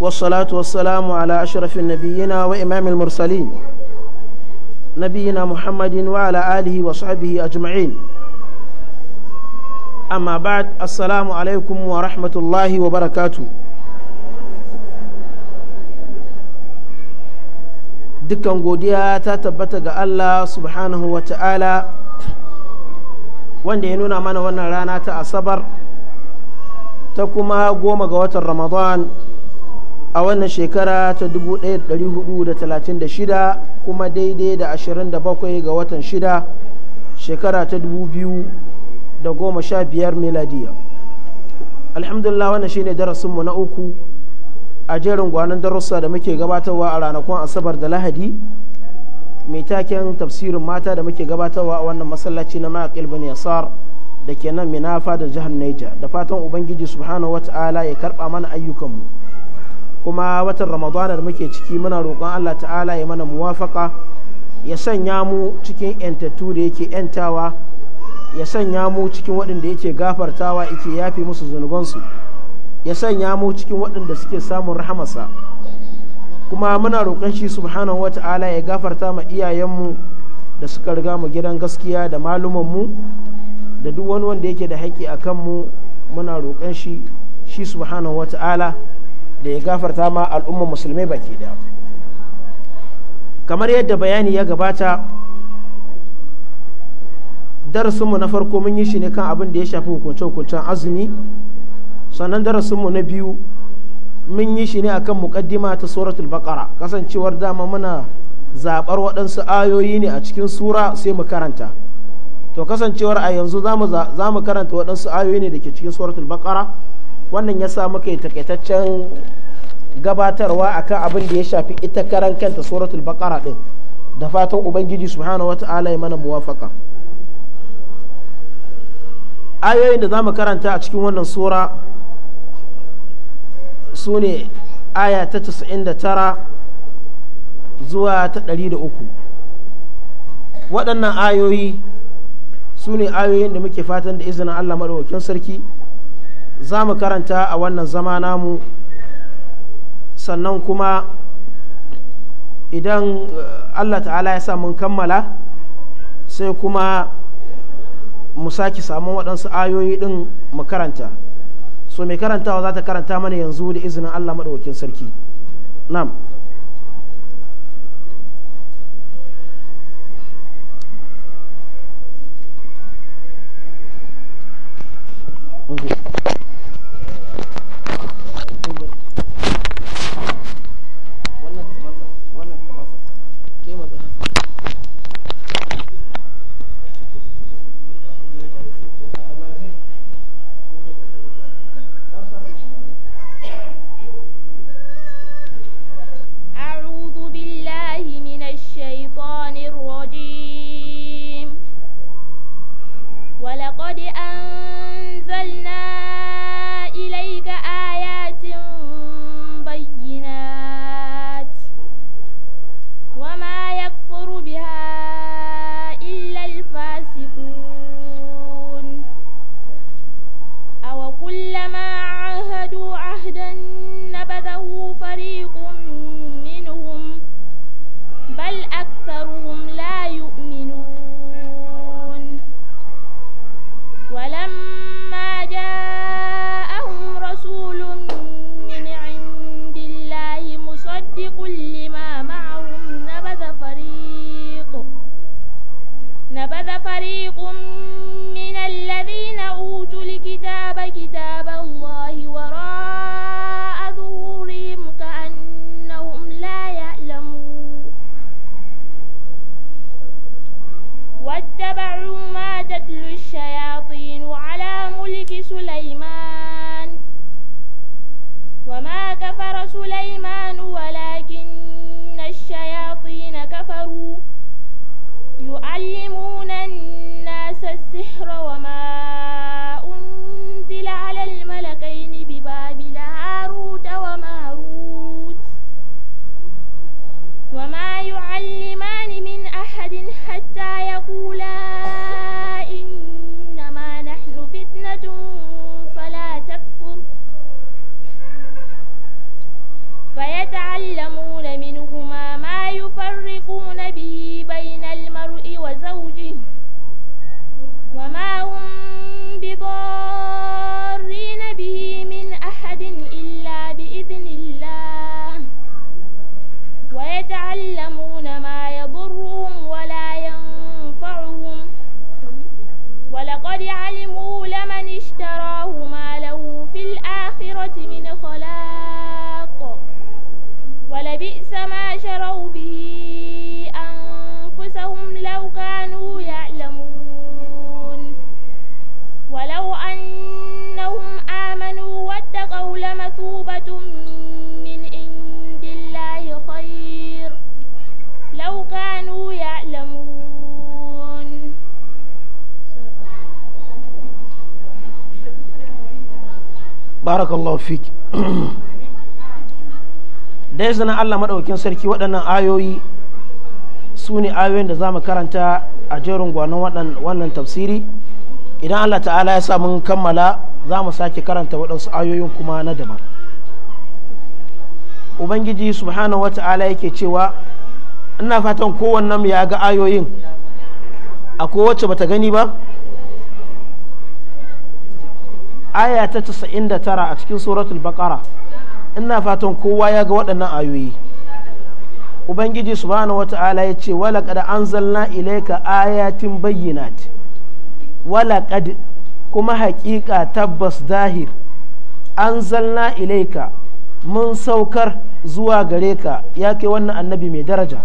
والصلاة والسلام على أشرف النبيين وإمام المرسلين نبينا محمد وعلى آله وصحبه أجمعين أما بعد السلام عليكم ورحمة الله وبركاته dukkan godiya ta tabbata ga Allah subhanahu wa ta'ala wanda ya nuna mana wannan rana ta asabar ta kuma goma ga watan ramadan a wannan shekara ta 1436 kuma daidai da 27 ga watan 6 shekara ta 2015 miladiya alhamdulillah wannan shine darasinmu na uku a jerin gwanon darussa da muke gabatarwa a ranakun asabar da lahadi mai taken tafsirin mata da muke gabatarwa a wannan masallaci na maƙil bin yasar da ke nan minafa da jihar neja da fatan ubangiji subhanahu wata'ala ya karba mana ayyukanmu kuma watan ramadana da muke ciki muna roƙon allah ta'ala ya mana muwafaka ya sanya mu cikin yantattu da yake yantawa ya sanya mu cikin waɗanda yake gafartawa yake yafi musu zunubansu ya sanya mu cikin waɗanda suke samun rahamarsa kuma muna roƙon shi subhanahu ta'ala ya gafarta ma iyayenmu da suka riga mu gidan gaskiya da mu da duk wani wanda yake da haƙƙi a kanmu muna roƙon shi shi subhanahu ta'ala. da ya gafarta ma al'ummar musulmai baki daya kamar yadda bayani ya gabata darasinmu na farko mun yi shi ne kan abin da ya shafi hukunce-hukuncen azumi sannan darasinmu na biyu mun yi shi ne akan mukaddima ta suratul baqara kasancewar dama muna zabar waɗansu ayoyi ne a cikin sura sai mu karanta to kasancewar a yanzu za mu karanta waɗansu ayoyi ne da ke cikin suratul baqara wannan ya sa muka yi takaitaccen gabatarwa akan abin da ya shafi ita karan kanta suratul baqara ɗin da fatan ubangiji subhanahu wata'ala ya mana muwafaka ayoyin da za mu karanta a cikin wannan sura su ne aya ta 99 zuwa ta 103 waɗannan ayoyi su ne ayoyin da muke fatan da izinin allah maɗaukin sarki za mu karanta a wannan zama namu sannan kuma idan eh, allah ta'ala ya sa mun kammala sai kuma mu sake samun waɗansu ayoyi ɗin mu karanta so mai karantawa za ta karanta mana yanzu da izinin allah maɗaukin sarki nam barakallahu fik da ya zana Allah maɗaukin sarki waɗannan ayoyi su ne ayoyin da za mu karanta a jerin gwanon wannan tafsiri idan Allah ta'ala ya sa mun kammala za mu sake karanta waɗansu ayoyin kuma na daban ubangiji subhanahu wata'ala yake cewa ina fatan kowannan ya ga ayoyin a wacce bata gani ba aya ta 99 a cikin suratul baqara ina fatan kowa ya ga waɗannan ayoyi ubangiji subhanahu wata'ala ya ce wala kada an aya ilaika ayatin bayyinat wala kada kuma haƙiƙa tabbas dahir an zalna ilaika mun saukar zuwa gare ka ya ke wannan annabi mai daraja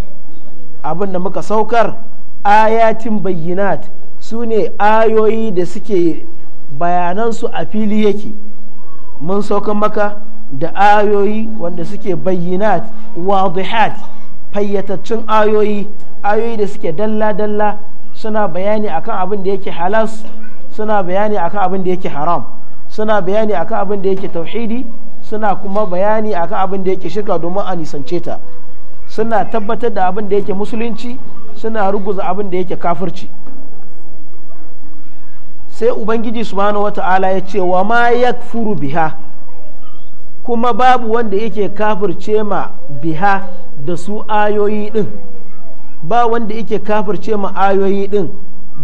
abin da muka saukar ayatin bayyinat su ne ayoyi da suke bayanansu a fili yake mun saukan maka da ayoyi wanda suke bayyinat wadihat fayyataccen ayoyi ayoyi da suke dalla-dalla suna bayani akan abin da yake halas suna bayani akan abin da yake haram suna bayani akan abin da yake tauhidi suna kuma bayani akan abin da yake shirka domin a nisance ta suna tabbatar da abin da yake musulunci suna ruguza abin da yake kafirci sai ubangiji subhanahu wata'ala ya ce wa ma yakfuru biha kuma babu wanda yake kafirce ma biha da su ayoyi din ba wanda yake kafirce ma ayoyi din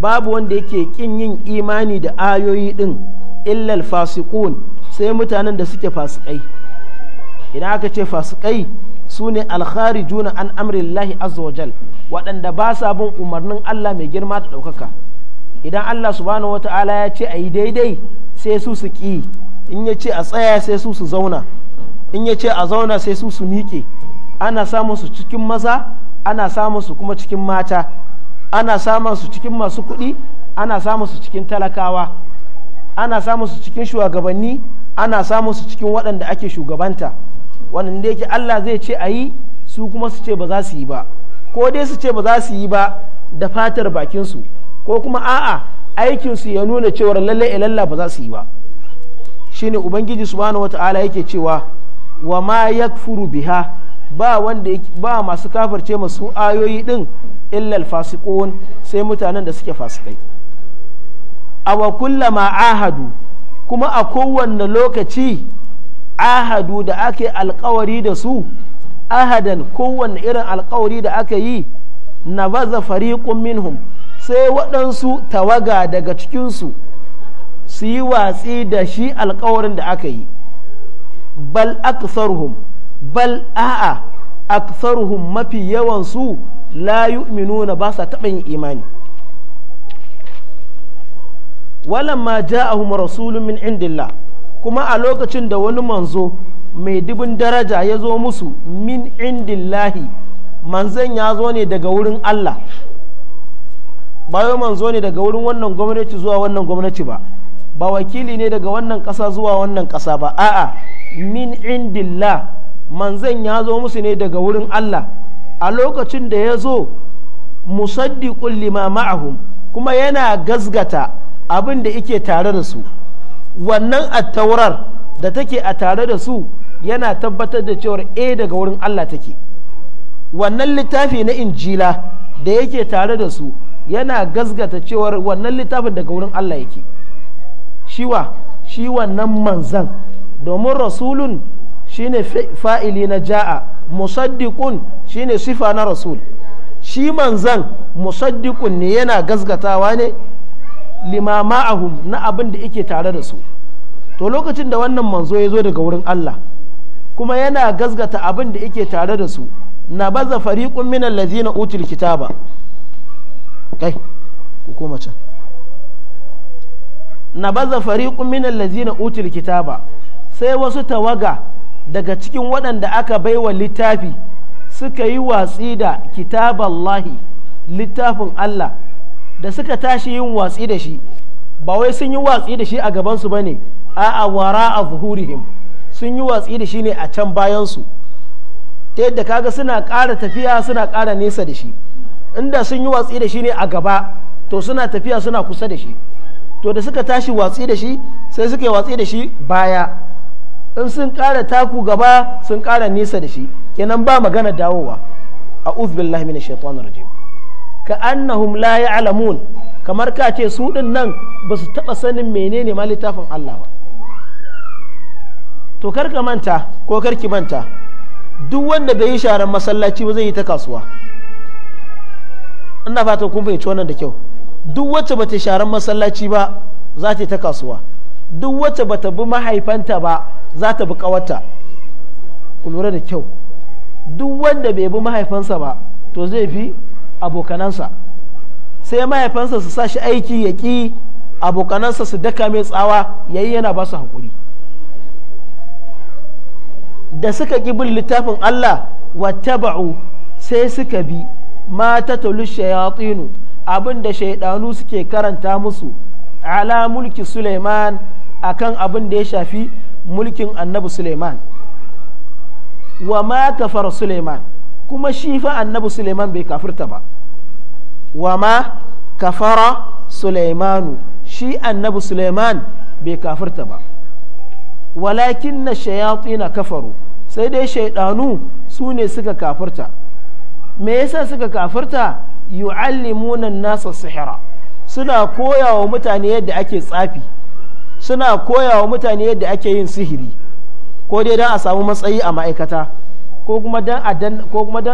babu wanda yake kin yin imani da ayoyi din illal fasiqun sai mutanen da suke fasikai idan aka ce fasikai su ne alkharijuna an amrillahi azza wajal waɗanda ba sa bin umarnin Allah mai girma da ɗaukaka idan Allah subhanahu wata'ala ya ce a yi daidai sai su su ƙi in ya ce a tsaya sai su su zauna in ya ce a zauna sai su su miƙe ana samun su cikin maza ana samun su kuma cikin mata ana samun su cikin masu kuɗi ana samun su cikin talakawa ana samun su cikin shugabanni ana samun su cikin waɗanda ake shugabanta wanda yake Allah zai ce a yi su kuma su ce ba za su yi ba ko dai su ce ba za su yi ba da fatar bakinsu ko kuma a'a aikinsu ya nuna cewar lalle eh, lalla ba za su yi ba shine ubangiji subhanahu wata'ala yake cewa wa ma yakfuru biha ba wanda ba masu kafirce masu ayoyi din illal fasiqun sai mutanen da suke fasikai awa kullama ahadu kuma a kowanne lokaci ahadu da ake alkawari da su ahadan kowanne irin alkawari da aka yi na baza fariqun minhum sai waɗansu tawaga daga cikinsu su yi watsi da shi alkawarin da aka yi bal aktharuhum bal a'a aktharuhum mafi yawansu la yu'minuna ba sa taɓa yin imani walamma ja'ahum rasulun min indillah kuma a lokacin da wani manzo mai dubin daraja ya zo musu min indillahi manzon ya zo ne daga wurin Allah bayo wai manzo ne daga wurin wannan gwamnati zuwa wannan gwamnati ba ba wakili ne daga wannan ƙasa zuwa wannan ƙasa ba a'a min indillah manzan ya zo musu ne daga wurin Allah a lokacin da ya zo musaddiqul lima ma'ahum kuma yana gazgata abin da yake tare da su wannan attaurar da take a tare da su yana tabbatar da cewar e daga wurin Allah take wannan littafi na injila da yake tare da su yana gazgata cewar wannan littafin daga wurin Allah yake shiwa shi wannan manzan domin rasulun shine fa'ili na ja'a musaddiqun shine sifa na rasul shi manzan musaddiqun ne yana gazgatawa ne limama'ahum na abin da yake tare da su to lokacin da wannan manzo ya zo daga wurin Allah kuma yana gazgata abin da yake tare da su na baza fariƙun min allazina utul kitaba kai ku koma can na fariƙun min allazina utul kitaba sai wasu tawaga daga cikin waɗanda aka baiwa littafi suka yi watsi da kitaballahi littafin Allah da suka tashi yin watsi da shi ba wai sun yi watsi da shi a gabansu ba ne a wara a zuhurihim sun yi watsi da shi ne a can bayansu ta yadda kaga suna ƙara tafiya suna ƙara nesa da shi inda sun yi watsi da shi ne a gaba to suna tafiya suna kusa da shi to da suka tashi watsi da shi sai suka yi watsi da shi baya in sun ƙara taku gaba sun ƙara nesa da shi kenan ba magana dawowa a billahi min shaitan rajim ka annahum la ya'lamun kamar ka ce su din nan ba su taɓa sanin menene ma littafin Allah ba to karka manta ko kar ki manta duk wanda bai yi sharan masallaci ba zai yi ta kasuwa ina fata kun fahimci wannan da kyau duk wacce bata sharan masallaci ba za ta yi ta kasuwa duk wacce bata bi mahaifanta ba za ta bi kawarta ku lura da kyau duk wanda bai bi mahaifansa ba to zai fi abokanansa sai mahaifansa su sa shi aiki ya ki abokanansa su daka mai tsawa yayi yana ba su haƙuri da suka ƙi bin littafin Allah wattaba'u sai suka bi ma tatlu shayatinu abin da shaidanu suke karanta musu ala mulki Suleiman akan abin da ya shafi mulkin annabi Suleiman wa ma kafar Suleiman kuma shi fa annabi Suleiman bai kafirta ba wa ma kafara Suleimanu shi annabi Suleiman bai kafirta ba walakin na na kafaru sai dai shaidanu su ne suka kafarta me yasa suka kafirta yu'allimuna nasa sihira suna koya wa mutane yadda ake tsafi suna koya wa mutane yadda ake yin sihiri ko dai don a samu matsayi a ma'aikata ko kuma don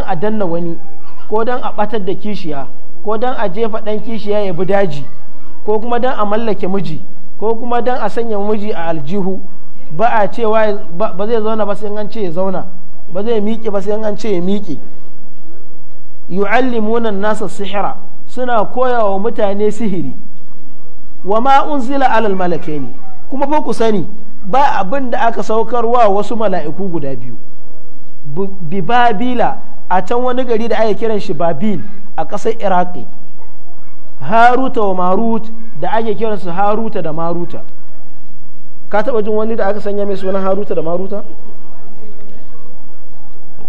a danna wani ko don a batar da kishiya ko don a jefa ɗan kishiya ya bi daji ko kuma don a mallake miji ko kuma don a sanya miji a aljihu ba a cewa ba zai zauna ba sai an ce ya zauna ba zai miƙe ba sai an ce ya miƙe yu'allimuna nasa sihira suna koya wa mutane sihiri wa ma unzila alal malakaini kuma ba ku sani ba abin da aka saukar wa wasu mala'iku guda biyu bi babila a can wani gari da ake kiran shi babil a ƙasar iraki haruta wa marut da ake kiransu haruta da maruta ka taba jin wani da aka sanya mai sunan haruta da maruta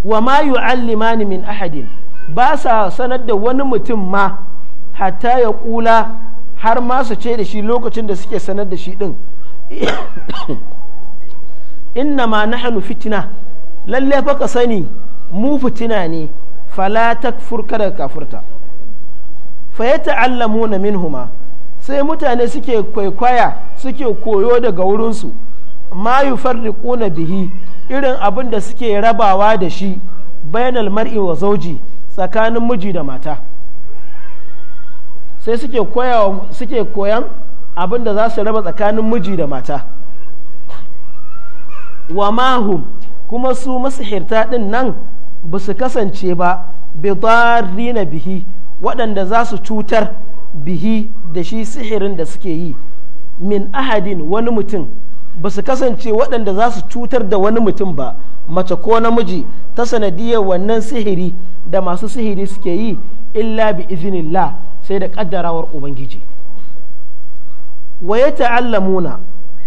wa ma yu'allimani min ahadin ba sa sanar da wani mutum ma hatta ya kula har ma su ce da shi lokacin da suke sanar da shi din inna ma hannu fitina lalle fa ka sani mu fitina ne fala takfur kada kafurta fa yata'allamuna minhuma sai mutane suke kwaikwaya suke koyo daga wurinsu ma kuna bihi irin abin da suke rabawa da shi bainal mar'i wa zauji tsakanin miji da mata sai suke koyan abin da za su raba tsakanin miji da mata wa mahum kuma su masihirta din nan ba su kasance ba na bihi waɗanda za su cutar bihi da shi sihirin da suke yi min ahadin wani mutum ba su kasance waɗanda za su cutar da wani mutum ba mace ko namiji ta sanadiyar wannan sihiri da masu sihiri suke yi illa bi izinillah sai da ƙaddarawar ubangiji wa ya ta'allamuna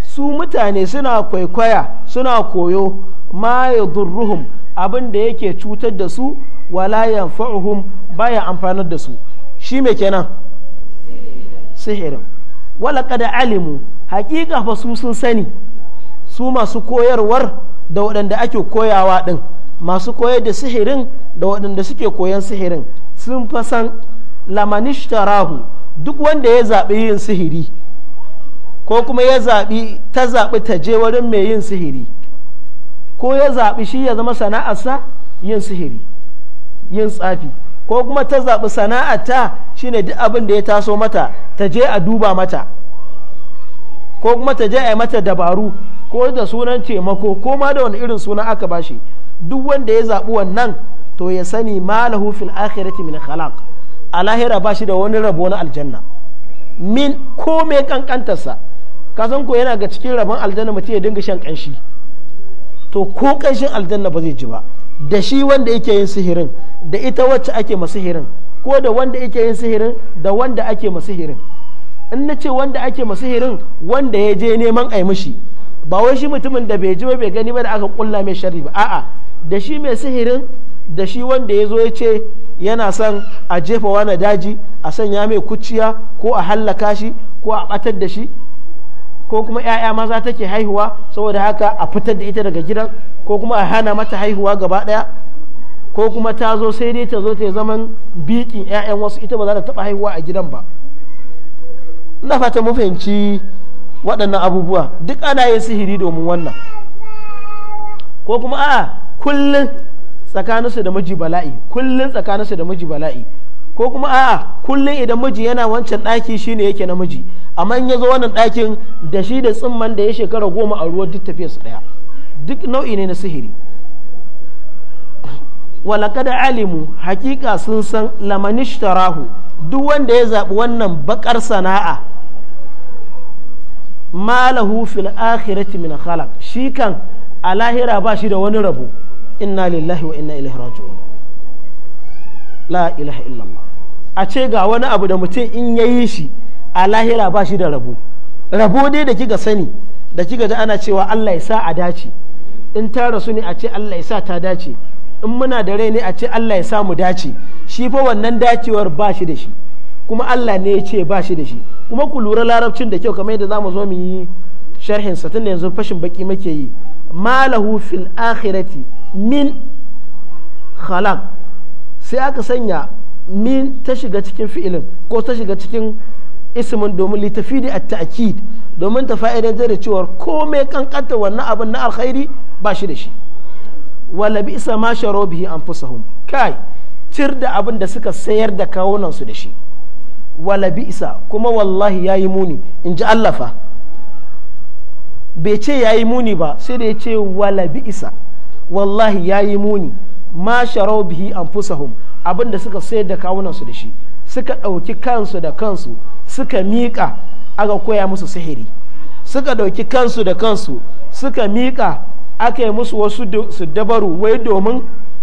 su mutane suna kwaikwaya suna koyo ma ya durruhum abin da yake cutar da su wala yanfa'uhum baya amfanar da su shi me kenan sihirin da alimu haƙiƙa fa su sun sani su masu koyarwar da waɗanda ake koyawa ɗin masu koyar da sihirin da waɗanda suke koyan sihirin sun fa san lamanishtarahu duk wanda ya zaɓi yin sihiri ko kuma ya zaɓi ta zaɓi ta je wurin mai yin sihiri ko ya zaɓi shi ya zama sana'arsa yin sihiri yin tsafi ko kuma ta zaɓi sana'a ta shine duk abin da ya taso mata ta je a duba mata ko kuma ta je a yi mata dabaru ko da sunan taimako ko ma da wani irin suna aka bashi duk wanda ya zaɓi wannan to ya sani malahu fil akhirati min khalaq a lahira ba shi da wani rabo na aljanna min ko mai kankantarsa san ko yana ga cikin rabon aljanna mutum ya dinga shan kanshi to ko kanshin aljanna ba zai ji ba da shi wanda yake yin sihirin da ita wacce ake ma sihirin ko da wanda yake yin sihirin da wanda ake ma sihirin in na ce wanda ake ma sihirin wanda ya je neman a mishi ba wai shi mutumin da bai ji ba bai gani ba da aka kulla mai shari ba a'a da shi mai sihirin da shi wanda ya zo ya ce yana son a jefa wani daji a sanya mai kuciya ko a hallaka shi ko a batar da shi ko kuma 'ya'ya maza take haihuwa saboda haka a fitar da ita daga gidan ko kuma a hana mata haihuwa gaba ɗaya ko kuma ta zo sai dai ta zo ta zaman bikin 'ya'yan wasu ita ba za ta taɓa haihuwa a gidan ba ina fata mu fahimci waɗannan abubuwa duk ana yin sihiri domin wannan ko kuma a'a kullum tsakaninsu da miji bala'i kullum tsakaninsu da miji bala'i ko kuma a'a kullum idan miji yana wancan ɗaki shine yake namiji amma in ya zo wannan ɗakin da shi da tsimman da ya shekara goma a ruwa duk su ɗaya duk nau'i ne na sihiri walakada alimu hakika sun san lamanishtarahu duk wanda ya zaɓi wannan bakar sana'a malahu fil akhirati min khalaq shi kan a lahira ba shi da wani rabo inna lillahi wa inna ilaihi raji'un la illallah a ce ga wani abu da mutum in ya yi shi a lahira ba shi da rabu rabu dai da kika sani da kika ji ana cewa Allah ya sa a dace in ta rasu ne a ce Allah ya sa ta dace in muna da rai ne a ce Allah ya sa mu dace shi fa wannan dacewar ba shi da shi kuma Allah ne ya ce ba shi da shi kuma ku lura larabcin da kyau kamar yadda za mu zo mu yi sharhin sa tunda yanzu fashin baki muke yi malahu fil akhirati min khalaq sai aka sanya min ta shiga cikin fi'ilin ko ta shiga cikin ismin domin litafi da ta'akid domin ta fa'idantar da cewar mai kankanta wannan abin na alkhairi ba shi da shi wala bi isa ma sharo bihi anfusahum kai cir da abin da suka sayar da kawunan su da shi wala bi isa kuma wallahi yayi muni in ji Allah fa bai ce yayi muni ba sai da ya ce wala bi isa wallahi yayi muni ma sharau bihi anfusahum abin da suka sayar da kawunansu da shi suka ɗauki kansu da kansu suka miƙa aka koya musu sihiri suka ɗauki kansu da kansu suka miƙa aka yi musu wasu su dabaru wai domin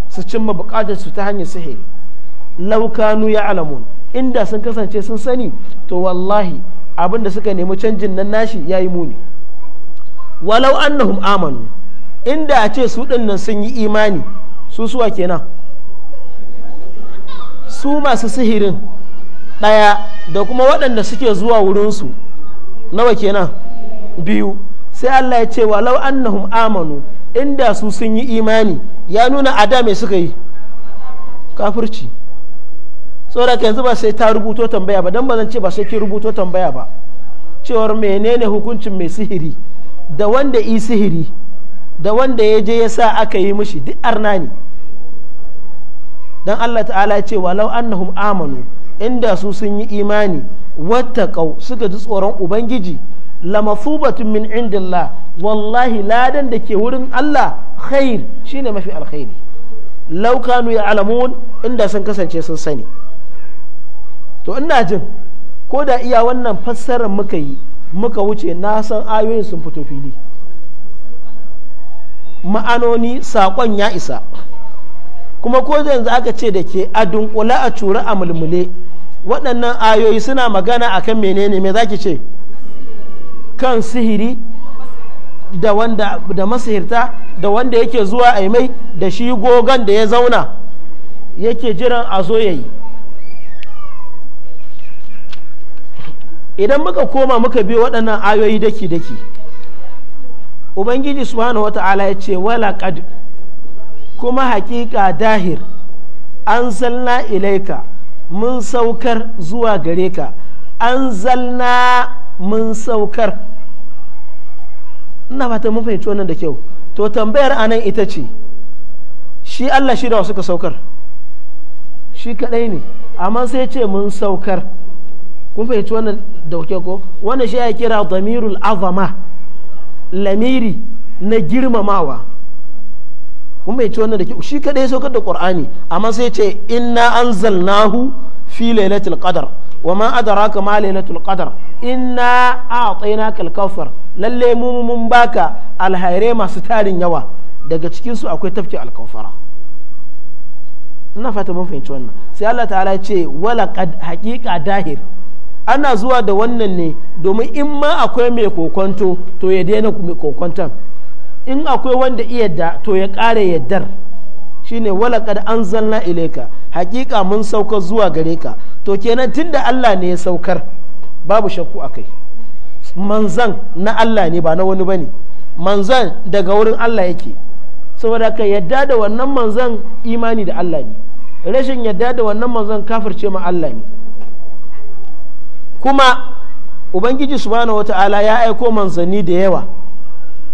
su cimma buƙatar su ta hanyar sihiri laukanu ya alamun inda sun kasance sun sani to wallahi abin da suka nemi canjin nan nashi ya yi muni walau annahum amanu inda a ce su ɗin sun yi imani su suwa kenan su masu sihirin ɗaya da kuma waɗanda suke zuwa wurinsu nawa kenan biyu sai Allah ya ce walau annahum amanu inda su sun yi imani ya nuna a da me suka yi kafirci tsoraka yanzu ba sai ta rubuto tambaya ba don ba zan ce ba sai ki rubuto tambaya ba cewar menene hukuncin mai sihiri da wanda yi sihiri da wanda ya je ya sa aka yi mishi duk arna ne dan Allah ta'ala ya ce walau annahum amanu inda su sun yi imani wattaqau suka ji tsoron ubangiji lamafubatun min indillah wallahi ladan da ke wurin Allah khair shine mafi alkhairi law kanu ya'lamun inda sun kasance sun sani to ina jin ko da iya wannan fassarar muka yi muka wuce na san ayoyin sun fito fili ma'anoni saƙon ya isa kuma ko yanzu aka ce da ke a dunkula a cura a mulmule waɗannan ayoyi suna magana akan menene me zaki ce kan sihiri da wanda da masihirta da wanda yake zuwa a mai da shi gogon da ya zauna yake jiran a zo ya yi idan muka koma muka biyo waɗannan ayoyi daki-daki ubangiji subhanahu wata'ala ya ce wala kuma hakika dahir an zalna ilaika mun saukar zuwa gare ka an zalna mun saukar ina fata mun fahimci wannan da kyau to tambayar anan ita ce shi Allah shi da suka saukar shi kadai ne amma sai ce mun saukar kun fahimci wannan da kyau ko wannan shi ya kira damirul azama lamiri na girmamawa kuma mai ci wannan da shi kadai saukar da qur'ani amma sai ce inna anzalnahu fi lailatul qadar wa ma adraka ma lailatul qadar inna a'tainaka al-kawthar lalle mu mun baka alhaire masu tarin yawa daga cikin su akwai tafki al-kawthara ina fata mun fahimci wannan sai Allah ta'ala ya ce wala qad haqiqa dahir ana zuwa da wannan ne domin in ma akwai mai kokonto to ya daina mai in akwai wanda iya da to ya ƙara yaddar shine walaqad anzalna ilaika hakika mun sauka zuwa gare ka to kenan tunda Allah ne ya saukar babu shakku akai manzan na Allah ne ba na wani bane manzan daga wurin Allah yake saboda ka yadda da wannan manzan imani da Allah ne rashin yadda da wannan manzan kafirce ma Allah ne kuma ubangiji subhanahu wata'ala ya aiko manzanni da yawa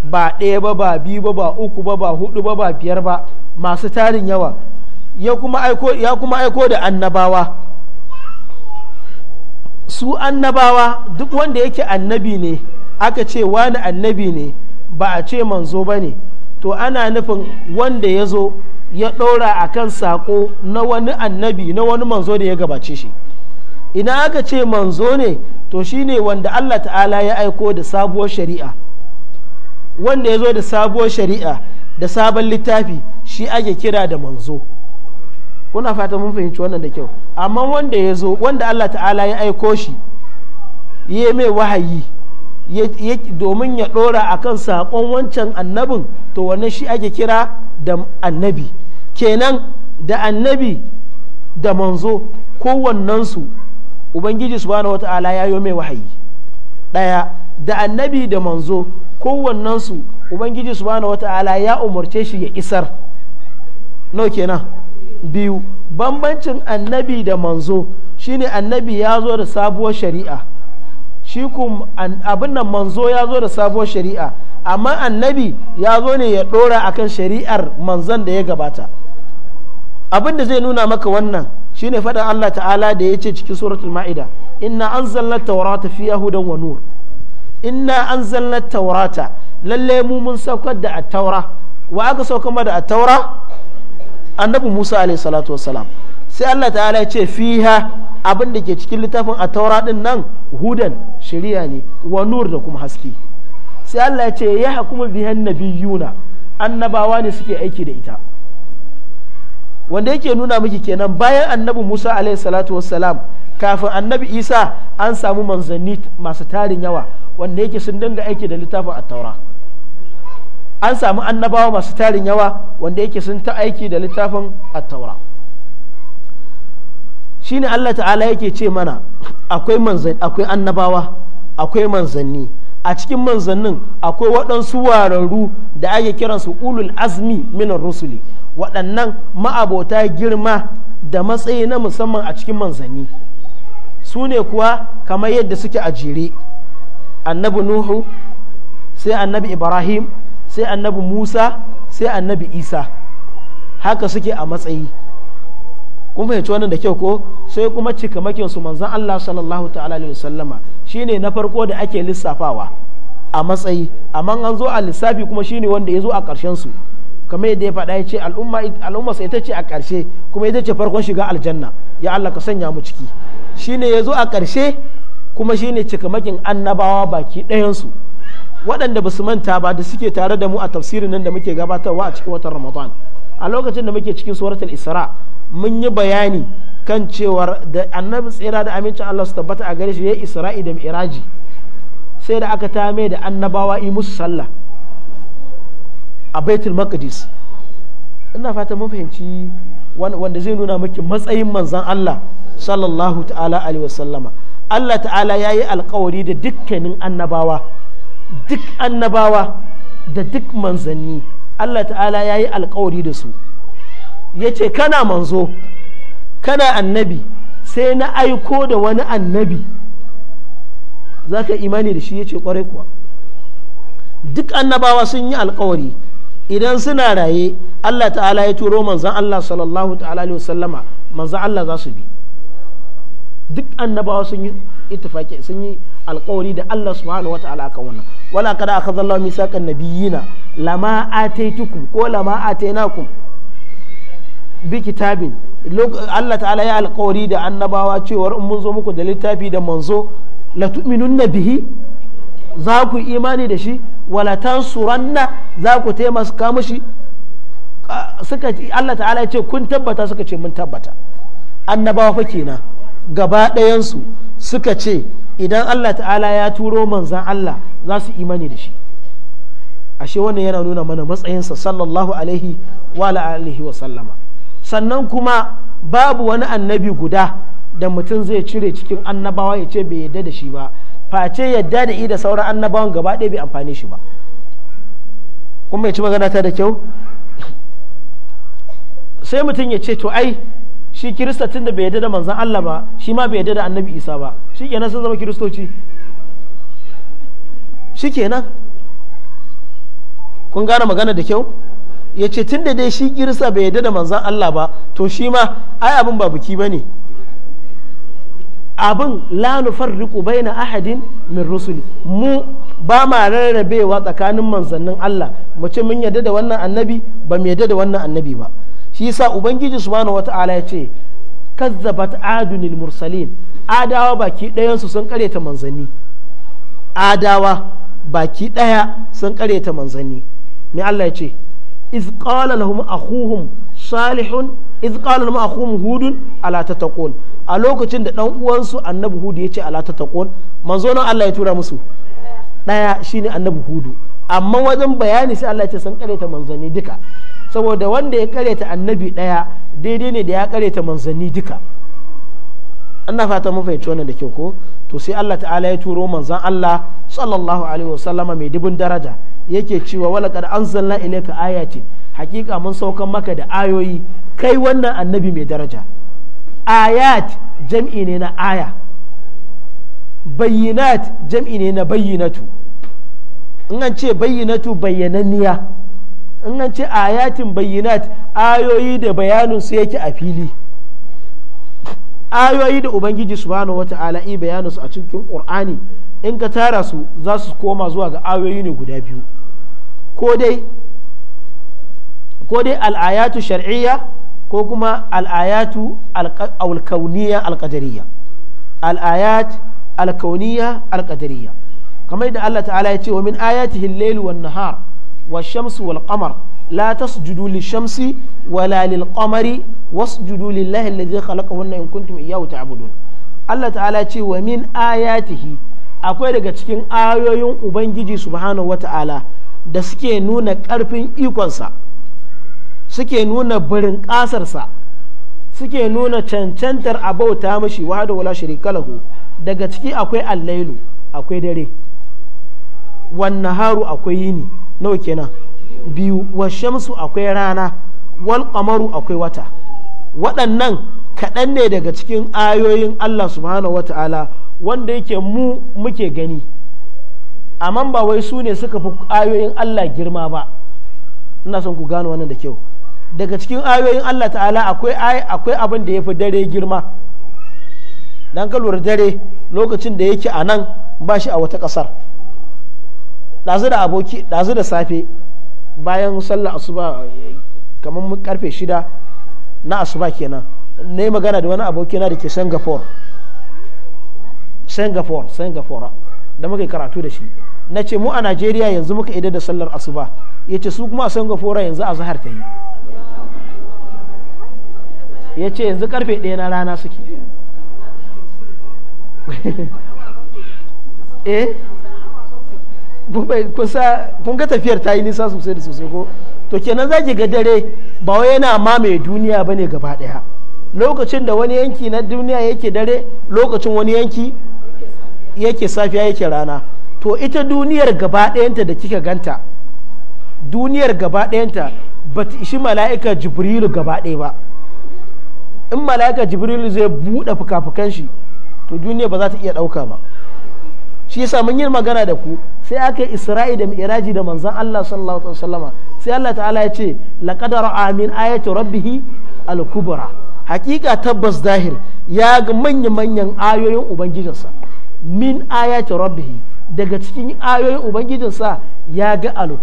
ba ɗaya ba ba biyu ba ba uku ba ba hudu ba ba biyar ba masu tarin yawa ya kuma aiko, ya kuma aiko da annabawa su annabawa duk wanda yake annabi ne aka ce wani annabi ne ba a ce manzo ba ne to ana nufin wanda ya zo ya ɗora a kan saƙo na wani annabi na wani manzo da ya gabace shi ina aka ce manzo ne to shine wanda allah ta'ala ya aiko da sabuwar shari'a wanda ya zo da sabuwar shari'a da sabon littafi shi ake kira da manzo kuna fata mun fahimci wannan da kyau amma wanda ya zo wanda Allah ta'ala ya aiko shi ya mai wahayi domin ya ɗora a kan saƙon wancan annabin to wannan shi ake kira da annabi kenan da annabi da manzo kowannensu ubangiji subhanahu wata'ala ya yi mai wahayi ɗaya da annabi da manzo kowannensu ubangiji subhanahu wata'ala ya umarce shi ya isar no kenan biyu bambancin annabi da manzo shine annabi ya zo da sabuwar shari'a shi abin nan manzo ya zo da sabuwar shari'a amma annabi ya zo ne ya dora akan shari'ar manzon da ya gabata abin da zai nuna maka wannan shine faɗin Allah ta'ala da ya ce cikin suratul ma'ida inna anzalna taurata fiha hudan wa nur inna anzalna taurata lalle mu mun saukar da taura wa aka saukar ma da taura annabi Musa alaihi salatu wassalam sai Allah ta'ala ya ce fiha abin da ke cikin littafin a taura din nan hudan shari'a ne wa nur da kuma haske sai Allah ya ce ya hakuma bihan nabiyuna annabawa ne suke aiki da ita wanda yake nuna miki kenan bayan annabi musa alaihi salatu wassalam kafin annabi isa an samu manzanni masu tarin yawa wanda yake sun dinga aiki da littafin attaura an samu annabawa masu tarin yawa wanda yake sun ta aiki da littafin attaura shine allah ta'ala yake ce mana akwai annabawa akwai manzanni a cikin manzannin akwai waɗansu wararru da ake kiransu ulul azmi minar rusuli waɗannan ma'abota girma da matsayi na musamman a cikin manzanni su ne kuwa kamar yadda suke a jere annabi nuhu sai annabi ibrahim sai annabi musa sai annabi isa haka suke a matsayi Kuma ya ci wannan da kyau ko sai kuma cikamakin su manzon Allah sallallahu ta'ala alaihi wasallama shine na farko da ake lissafawa a matsayi amma an zo a lissafi kuma shine wanda ya zo a ƙarshen su kamar yadda ya faɗa ya ce al'umma al'umma sai ita ce a ƙarshe kuma ita ce farkon shiga aljanna ya Allah ka sanya mu ciki shine ya zo a ƙarshe kuma shine cikamakin annabawa baki ɗayansu waɗanda ba su manta ba da suke tare da mu a tafsirin nan da muke gabatarwa a cikin watan ramadan a lokacin da muke cikin suratul isra mun yi bayani kan cewar da annabi tsira da amincin Allah su tabbata a gare shi ya isra'i da mi'raji sai da aka tame da annabawa yi musu sallah a baitul maqdis ina fata mun fahimci wanda zai nuna miki matsayin manzan Allah sallallahu ta'ala alaihi wasallama Allah ta'ala ya yi alkawari da dukkanin annabawa duk annabawa da duk manzanni Allah ta'ala ya yi alkawari da su ya ce kana manzo kana annabi sai na aiko da wani annabi za ka imani da shi ya ce kwarai kuwa duk annabawa sun yi alkawari idan suna raye Allah ta'ala ya turo manzan Allah sallallahu ta'ala alaihi wasallama manzan Allah za su bi duk annabawa sun yi ittifaki sun yi alkawari da Allah subhanahu wa ta'ala akan wannan wala kada kan Allahu misaqan nabiyina lama ataitukum ko lama atainakum bi kitabin Allah ta'ala ya alƙawari da annabawa cewar in mun zo muku da littafi da manzo la tu'minun bihi za ku imani da shi wala tansuranna za ku taimaka mushi suka Allah ta'ala ya ce kun tabbata suka ce mun tabbata annabawa fa kenan gaba ɗayansu suka ce idan Allah ta'ala ya turo manzan Allah za su imani da shi ashe wannan yana nuna mana matsayinsa sallallahu alaihi wa alihi wa sallama sannan kuma babu wani annabi guda da mutum zai cire cikin annabawa ya ce bai yadda da shi ba face yadda da da sauran annabawan gaba ɗaya bai amfani shi ba kuma ya ci magana ta da kyau sai mutum ya ce to ai shi kirista tun da bai yadda da manzan Allah ba shi ma bai yadda da annabi isa ba shi kenan sun zama kiristoci shi kenan kun gane magana da kyau ya ce tun da dai shi kirista bai yadda da manzan Allah ba to shi ma ai abin ba biki ba ne abin farriku bai na ahadin min rusuli mu ba ma rarrabewa tsakanin manzannin Allah mu ce mun yadda da wannan annabi ba mu yadda da wannan annabi ba shi yasa ubangiji subhanahu wata'ala ya ce kazzabat adunil mursalin adawa baki ɗayansu sun karyata manzanni adawa baki ɗaya sun karyata manzanni me Allah ya ce iz qala lahum akhuhum salihun iz qala lahum akhuhum hudun ala tattaqun a lokacin da dan uwansu annabi hudu ya ce ala tattaqun manzo nan Allah ya tura musu ɗaya shine annabi hudu amma wajen bayani sai Allah ya ce sun karyata manzanni duka saboda wanda ya karyata annabi ɗaya daidai ne da ya karyata manzanni duka ana fata mun fahimci wannan da kyau ko to sai Allah ta'ala ya turo manzan Allah sallallahu alaihi wasallama mai dubin daraja yake cewa wala kad anzalna ilayka ayatin hakika mun saukan maka da ayoyi kai wannan annabi mai daraja ayat jam'i ne na aya bayyinat jam'i ne na bayyinatu in an ce bayyinatu bayyananniya in an ce ayatin bayyinat ayoyi da bayanin su yake a fili ayoyi da ubangiji subhanahu wata'ala i bayanin su a cikin qur'ani in ka tara su za su koma zuwa ga ayoyi ne guda biyu ko dai ko dai al'ayatu shar'iyya ko kuma al'ayatu alkauniya alkadariya al'ayat al-qadariyya kamar da Allah ta'ala ya ce wa min ayatihi al-lailu wan nahar والشمس والقمر لا تسجدوا للشمس ولا للقمر واسجدوا لله الذي خلقهن إن كنتم إياه تعبدون الله تعالى تي ومن آياته akwai daga cikin ayoyin ubangiji subhanahu wata'ala da suke nuna ƙarfin ikonsa suke nuna birin ƙasarsa suke nuna cancantar abauta mashi wahada wala shirika lahu daga ciki akwai allailu akwai dare wannan haru akwai yini nawa kenan biyu wa shamsu akwai rana wal qamaru akwai wata waɗannan kaɗan ne daga cikin ayoyin Allah subhanahu ta'ala wanda yake mu muke gani amma ba wai su ne suka fi ayoyin Allah girma ba ina son ku gano wannan da kyau daga cikin ayoyin Allah ta'ala akwai akwai abin da ya fi dare girma dan ka dare lokacin da yake a nan ba shi a wata ƙasar ɗazu da aboki ɗazu da safe bayan sallah asuba kamar karfe shida na asuba kenan na yi magana da wani abokina da ke singapore singapore singapore da muka karatu da shi na ce mu a najeriya yanzu muka idar da sallar asuba ya ce su kuma a singapore yanzu a zahar ta yi ya ce yanzu karfe ɗaya na rana suke eh kun ga tafiyar ta yi nisa sosai da sosai ko to kenan zaki ga dare ba wai yana mamaye duniya bane gaba daya lokacin da wani yanki na duniya yake dare lokacin wani yanki yake safiya yake rana to ita duniyar gaba dayanta da kika ganta duniyar gaba dayanta ba ta ishi mala'ika jibrilu gaba daya ba in mala'ika jibrilu zai buɗe fuka-fukan shi to duniya ba za ta iya ɗauka ba shi yasa mun yi magana da ku sai aka yi isra'i da mi'raji da manzan Allah sallallahu alaihi wasallam sai Allah ta'ala ya ce laqad amin ayatu rabbihi al hakika tabbas zahir ya ga manya manyan ayoyin ubangijinsa min ayati rabbihi daga cikin ayoyin ubangijinsa ya ga al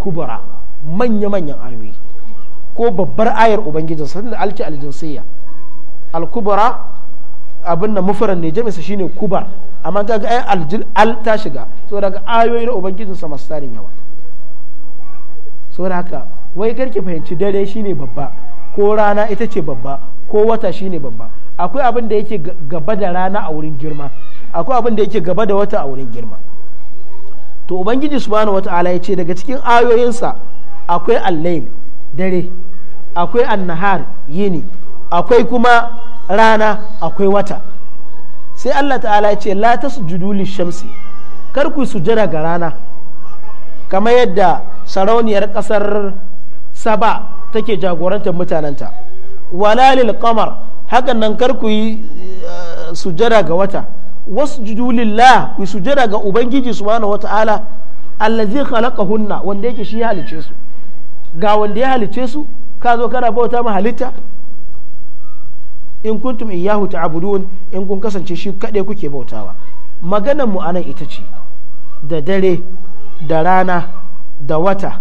manya manyan ayoyi ko babbar ayar ubangijinsa da alci al-jinsiyya al-kubra abin da mufarar ne jami'sa shine kuba amma kaga ai aljil al ta shiga saboda ga ayoyi na ubangijin sa masarin yawa saboda haka wai garki fahimci dare shine babba ko rana ita ce babba ko wata shine babba akwai abin da yake gaba da rana a wurin girma akwai abin da yake gaba da wata a wurin girma to ubangiji subhanahu wataala ya ce daga cikin ayoyinsa akwai al dare akwai annahar yini akwai kuma rana akwai wata sai Allah ta'ala ya ce la tasjudu shamsi kar ku sujada ga rana kamar yadda sarauniyar kasar saba take jagorantar mutanenta walalil lil hakan nan kar ku yi eh, sujada ga wata judulin la ku sujada ga ubangiji subhanahu zai allazi hunna wanda yake shi halice su ga wanda ya halice su ka zo kana bauta ma halitta in kuntum iyyahu ta'budun in kun kasance shi kade kuke bautawa maganar mu anan ita ce da dare da rana da wata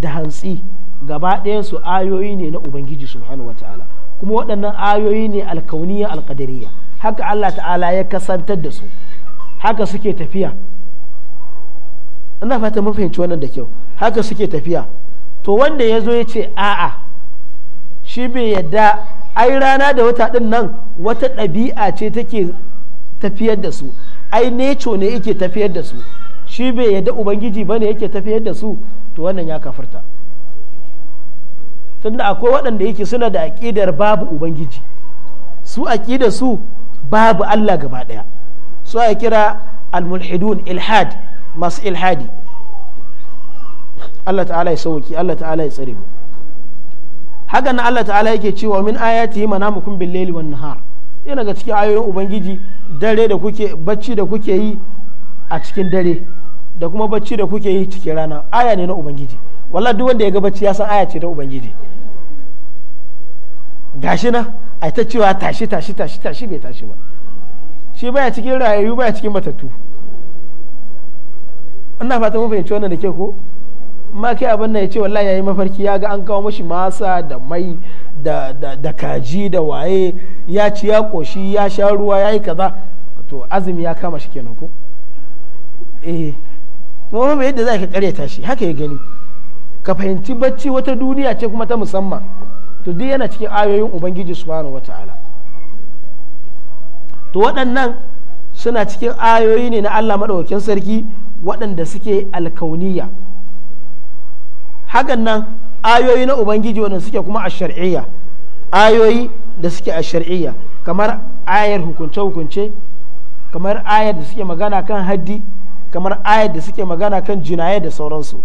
da hantsi gaba su ayoyi ne na ubangiji subhanahu ta'ala kuma waɗannan ayoyi ne alkauniya alkadariya haka allah ta'ala ya kasantar da su haka suke tafiya ina fata mun fahimci wannan da kyau haka suke tafiya to wanda ya zo ya ce a'a shi bai yadda ai rana da wata ɗin nan wata ɗabi'a ce take tafiyar da su ai neco ne yake tafiyar da su shi bai yadda ubangiji bane yake tafiyar da su to wannan ya kafarta tunda akwai waɗanda yake suna da aƙidar babu ubangiji su aƙida su babu Allah gaba ɗaya su a kira almulhidun ilhad masu ilhadi Allah ta'ala ya sauki Allah ta'ala ya tsare mu haka na Allah ta'ala yake cewa min ayati mana mukun billeli wani nahar yana daga cikin ayoyin ubangiji dare da kuke bacci da kuke yi a cikin dare da kuma bacci da kuke yi cikin rana aya ne na ubangiji wallahi duk wanda ya ga bacci ya san aya ce ta ubangiji gashi na a ta cewa tashi tashi tashi tashi bai tashi ba shi baya cikin rayayyu baya cikin matattu ina fata mun fahimci wannan da ke ko ma kai abin nan ya ce wallahi yi mafarki ya ga an kawo mashi masa da mai da, kaji da waye ya ci ya koshi ya sha ruwa ya yi kaza to azumi ya kama shi kenan ko eh kuma mai yadda za ka karyata shi haka ya gani ka fahimci bacci wata duniya ce kuma ta musamman to duk yana cikin ayoyin ubangiji subhanahu wataala to waɗannan suna cikin ayoyi ne na Allah madaukakin sarki waɗanda suke alkauniya hakan nan ayoyi na ubangiji wanda suke kuma a shar'iyya ayoyi da suke a shar'iyya kamar ayar hukunce-hukunce kamar ayar da suke magana kan haddi kamar ayar da suke magana kan jinaye da sauransu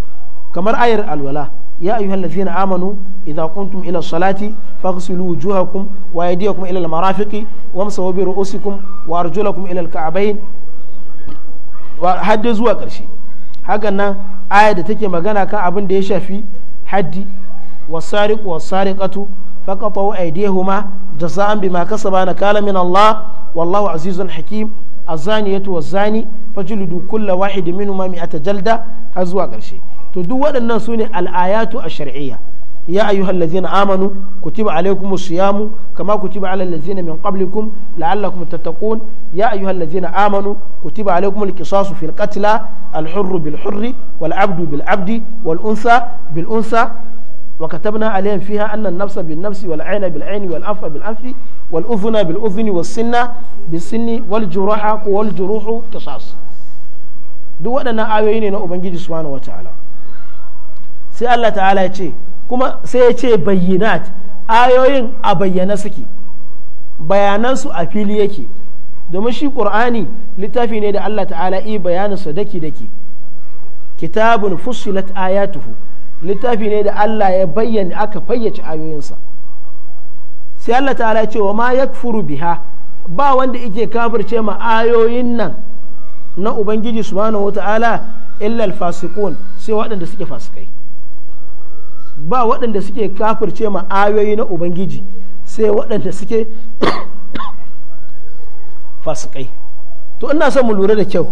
kamar ayar alwala ya ayyuha allazina amanu idza kuntum ila salati faghsilu wujuhakum wa aydiyakum ila almarafiqi wamsahu bi ru'usikum wa arjulakum ila alka'bayn wa hadda zuwa karshe hakan nan aya da take magana kan abin da ya shafi haddi wasariq wasariqatu faqatu aydihuma jaza'an bima kasaba kala min Allah wallahu azizun hakim azaniyatu wazani fajlidu kulla wahidin minhuma mi'ata jalda har zuwa karshe to duk waɗannan sune al-ayatu ash-shar'iyya ya ayyuhal ladzina amanu kutiba alaykumus siyamu kama kutiba alal ladzina min qablikum la'allakum tattaqun ya ayyuhan lazina amanu kutiba alaykumul qisasu fil qatla al hurru bil hurri wal abdu وكتبنا عليهم فيها أن النفس بالنفس والعين بالعين والأنف بالأنف والأذن بالأذن والسن بالسن والجروح والجروح قصاص دو آيين أبنجي سبحانه وتعالى sai Allah ta'ala ya ce kuma sai ya ce bayyanat ayoyin a bayyana suke bayanansu a fili yake domin shi ƙur'ani littafi ne da Allah ta'ala i bayaninsa daki daki kitabun fussilat ayatuhu littafi ne da Allah ya bayyana aka fayyace ayoyinsa sai Allah ta'ala ya ce wa ma yakfuru biha ba wanda yake kafirce ma ayoyin nan na ubangiji subhanahu wata'ala illa alfasiqun sai waɗanda suke fasikai ba waɗanda suke kafirce ma ayoyi na ubangiji sai waɗanda suke fasikai to ina son mu lura da kyau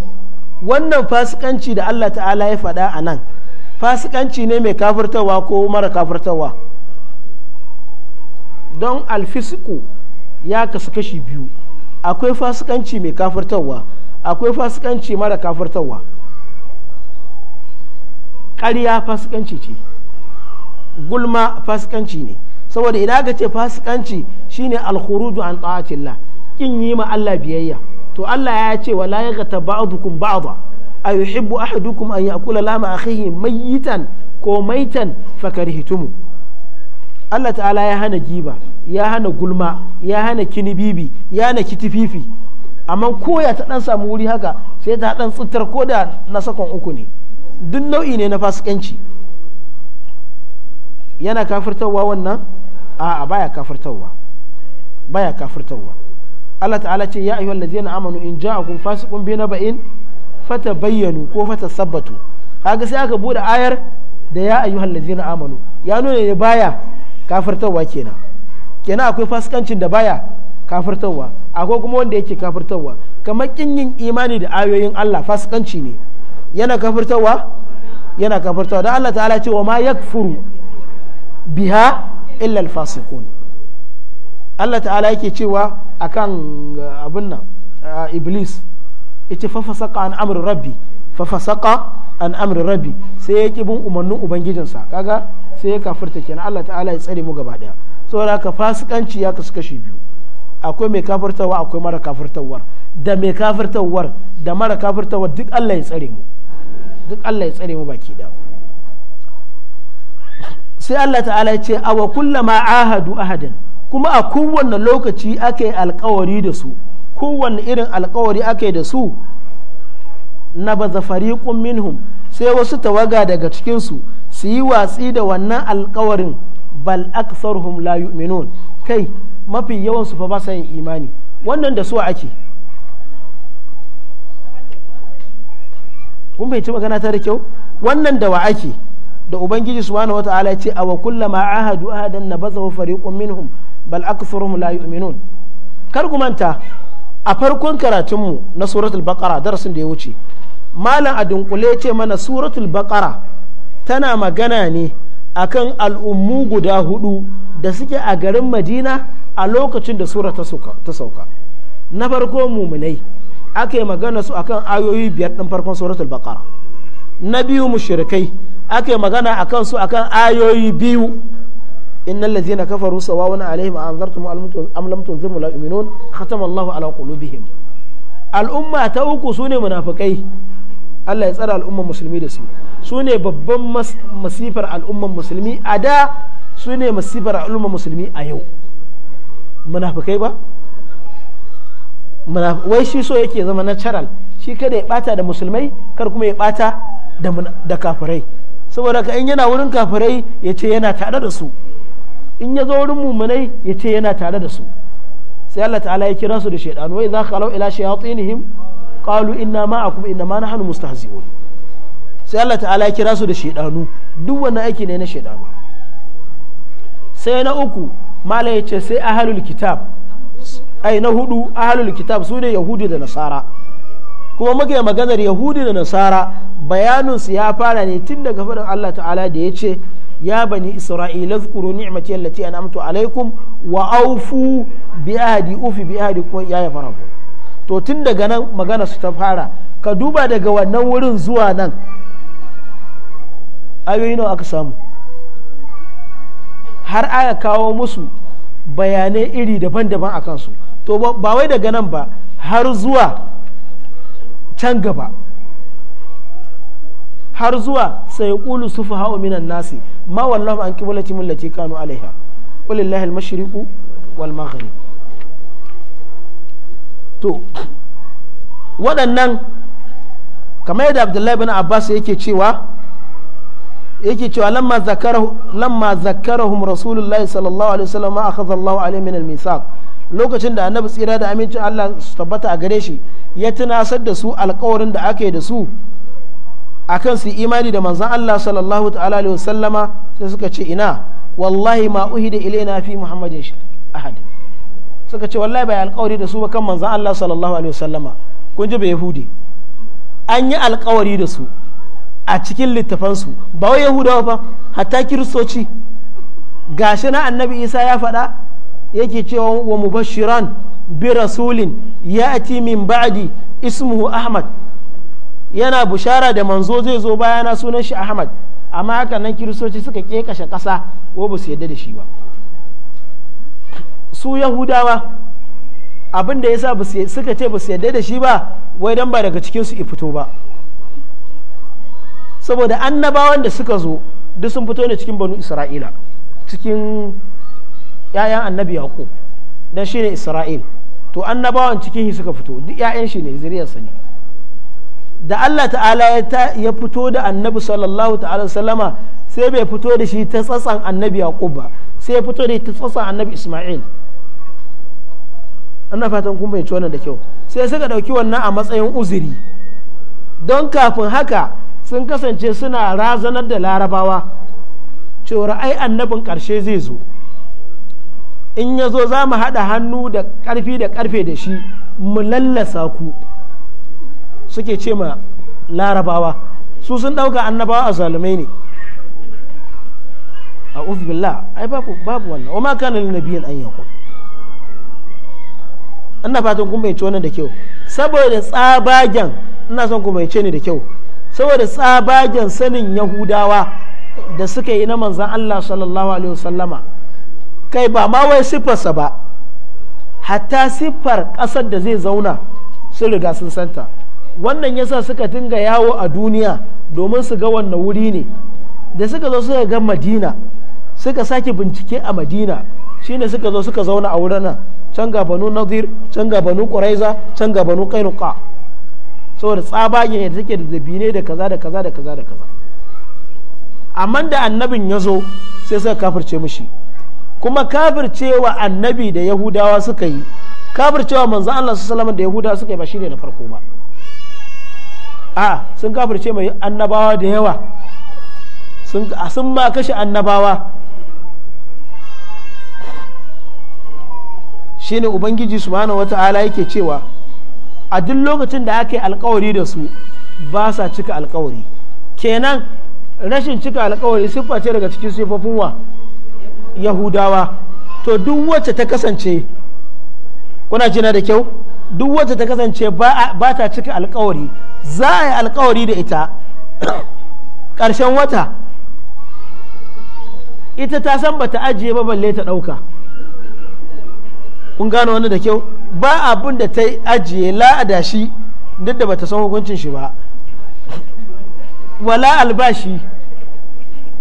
wannan fasikanci da allah ta'ala ya faɗa a nan fasikanci ne mai kafirtawa ko mara kafirtawa don alfisiku ya kasu kashi biyu akwai fasikanci mai kafirtawa akwai fasikanci mara kafirtawa ƙarya fasikanci ce gulma fasikanci ne saboda idan aka ce fasikanci shine alkhuruju an ta'atillah kin yi ma Allah biyayya to Allah ya ce wala gata ba'dukum ba'dha ayuhibbu ahadukum an ya'kula lama akhihi mayitan ko maitan hitumu. Allah ta'ala ya hana giba ya hana gulma ya hana kinibibi ya hana kitififi amma koya ta dan samu wuri haka sai ta dan tsutar ko na sakon uku ne duk nau'i ne na fasikanci yana kafirtawa wannan a'a baya kafirtawa baya kafirtawa Allah ta'ala ce ya ayyuhal ladzina amanu in ja'akum fasiqun bi naba'in fatabayyanu ko fatasabbatu kaga sai aka bude ayar da ya ayyuhal ladzina amanu ya nuna ne baya kafirtawa kenan kenan akwai fasikancin da baya kafirtawa akwai kuma wanda yake kafirtawa kamar kin yin imani da ayoyin Allah fasikanci ne yana kafirtawa yana kafirtawa Dan Allah ta'ala ce wa ma yakfuru biha illa alfasikun Allah ta'ala yake cewa akan uh, abin nan uh, iblis yace fa fasaqa an amri rabbi fa fasaqa an amri rabbi sai ya bin umarnin ubangijinsa kaga sai ya kafirta kenan Allah ta'ala ya tsare mu gaba daya saboda haka fasikanci ya kasu kashi biyu akwai mai kafirtawa akwai mara kafirtawar da mai kafirtawar da mara kafirtawar duk Allah ya tsare mu duk Allah ya tsare mu baki daya sai Allah ta'ala ya ce awa kullama ahadu ahadin kuma a kowanne lokaci ake alkawari da su kowanne irin alkawari ake da su na baza fariƙun minhum sai wasu tawaga daga cikinsu su yi watsi da wannan alkawarin bal aktharuhum la yu'minun kai mafi yawan su fa ba imani wannan da su ake kun bai ci magana ta da kyau wannan da wa ake da ubangiji subhanahu wata ya ce a wa kullama ahadu ahadan bazawa fariqun minhum bal aktharuhum la yu'minun kar ku manta a farkon karatunmu na suratul baqara darasin da ya wuce malam a dunkule ce mana suratul baqara tana magana ne akan al'ummu guda hudu da suke a garin madina a lokacin da sura ta sauka na farko muminai aka yi magana su akan ayoyi biyar ɗin farkon suratul baqara na biyu mushrikai ake magana a kansu akan ayoyi biyu innal ladzina kafaru sawawun alaihim anzartum am lam tunziru la yu'minun khatama Allahu ala qulubihim al'umma ta uku sune munafikai Allah ya tsara al'umman musulmi da su su ne babban masifar al'umman musulmi a da su ne masifar al'umman musulmi a yau munafikai ba wai shi so yake zama natural shi kada ya bata da musulmai kar kuma ya bata da kafirai saboda ka in yana wurin kafirai ya ce yana tare da su in ya zo wurin mummunai ya ce yana tare da su sai Allah ta'ala ya kira su da shaidanu wai za ka lau ila shayatinihim qalu inna ma'akum inna ma nahnu mustahzi'un sai Allah ta'ala ya kira su da shaidanu duk wani aiki ne na shaidanu sai na uku mala ya ce sai ahalul kitab ai na hudu ahalul kitab su ne yahudi da nasara kuma muke maganar yahudi da nasara bayaninsu ya fara ne tun daga faɗin Allah ta'ala da ya ce ya bani isra'ila zukuru ni'mati allati an'amtu alaikum wa aufu bi ahdi ufi bi ahdi ko ya ya fara to tun daga nan magana su ta fara ka duba daga wannan wurin zuwa nan ayoyi nawa aka samu har aka kawo musu bayanai iri daban-daban a kansu to ba wai daga nan ba har zuwa can gaba har zuwa sai fi hau minan nasi ma wallahu an qiblati allati kanu alaiha walillahi al-mashriqu wal maghrib to waɗannan kamar yadda abdullahi bin abbas yake cewa yake cewa lamma zakarahu lamma zakarahum rasulullahi sallallahu alaihi wasallam akhadha Allahu alaihi min al-misaq lokacin da annabi tsira da amincin Allah su tabbata a gare shi ya tunasar da su alƙawarin da aka yi da su akan su imani da manzan Allah sallallahu ta'ala alaihi wasallama sai suka ce ina wallahi ma uhi ilai ilaina fi muhammadin ahad suka ce wallahi bai alkawari da su ba kan manzan Allah sallallahu alaihi wasallama kun ji bai yahudi an yi alkawari da su a cikin littafansu ba wai yahudawa ba hatta kiristoci gashi na annabi isa ya faɗa yake cewa wa mubashiran bi rasulin ya min ba'di ismuhu ahmad yana bushara da manzo zai zo bayana sunan shi ahmad amma haka nan kiristoci suka kekashe kasa ko ba su yadda da shi ba su yahudawa abin da yasa suka ce ba su yadda da shi ba wai dan ba daga i fito ba saboda annabawan da suka zo duk sun fito ne cikin banu isra'ila cikin 'ya'yan annabi yaqub dan shine isra'il to annabawan cikin shi suka fito duk 'ya'yan shi ne zuriyarsa ne da Allah ta'ala ya fito da annabi sallallahu ta'ala sallama sai bai fito da shi ta tsatsan annabi yaqub ba sai ya fito da ta tsatsan annabi isma'il ana fatan kun bayyace wannan da kyau sai suka dauki wannan a matsayin uzuri don kafin haka sun kasance suna razanar da larabawa cewar ai annabin karshe zai zo in ya zo za mu haɗa hannu da ƙarfi da ƙarfe da shi mu lallasa ku suke ce ma larabawa su sun ɗauka annabawa a zalumai ne a billah ai babu babu wannan wa ma kana lin nabiyyin an yaqul ina fatan kun bayyace wannan da kyau saboda tsabagen ina son ku bayyace ne da kyau saboda tsabagen sanin yahudawa da suka yi na manzan Allah sallallahu alaihi wasallama kai ba ma wai siffarsa ba hatta siffar kasar da zai zauna sun riga sun santa wannan yasa suka dinga yawo a duniya domin su ga wannan wuri ne da suka zo suka ga madina suka sake bincike a madina shine suka zo suka zauna a wurin nan can ga banu nadir can ga banu quraiza can ga banu qainuqa saboda tsabage ne da take da dabine da kaza da kaza da kaza da kaza amma da annabin ya zo sai suka kafirce mishi kuma kafircewa annabi da yahudawa suka yi kafircewa manzo Allah sallallahu alaihi da yahudawa suka yi ba shine na farko ba a sun kafirce mai annabawa da yawa sun ma kashe annabawa shine ubangiji subhanahu wata'ala yake cewa a duk lokacin da aka yi alkawari da su ba sa cika alkawari kenan rashin cika alkawari siffa ce daga cikin siffofin wa yahudawa to duk wacce ta kasance kuna jina da kyau duk wacce ta kasance ba ta cika alkawari za a yi alkawari da ita ƙarshen wata ita ta san ba ta ajiye ba balle ta ɗauka kun gano wani da kyau ba abin da ta ajiye la'ada shi duk da bata san hukuncin shi ba wala albashi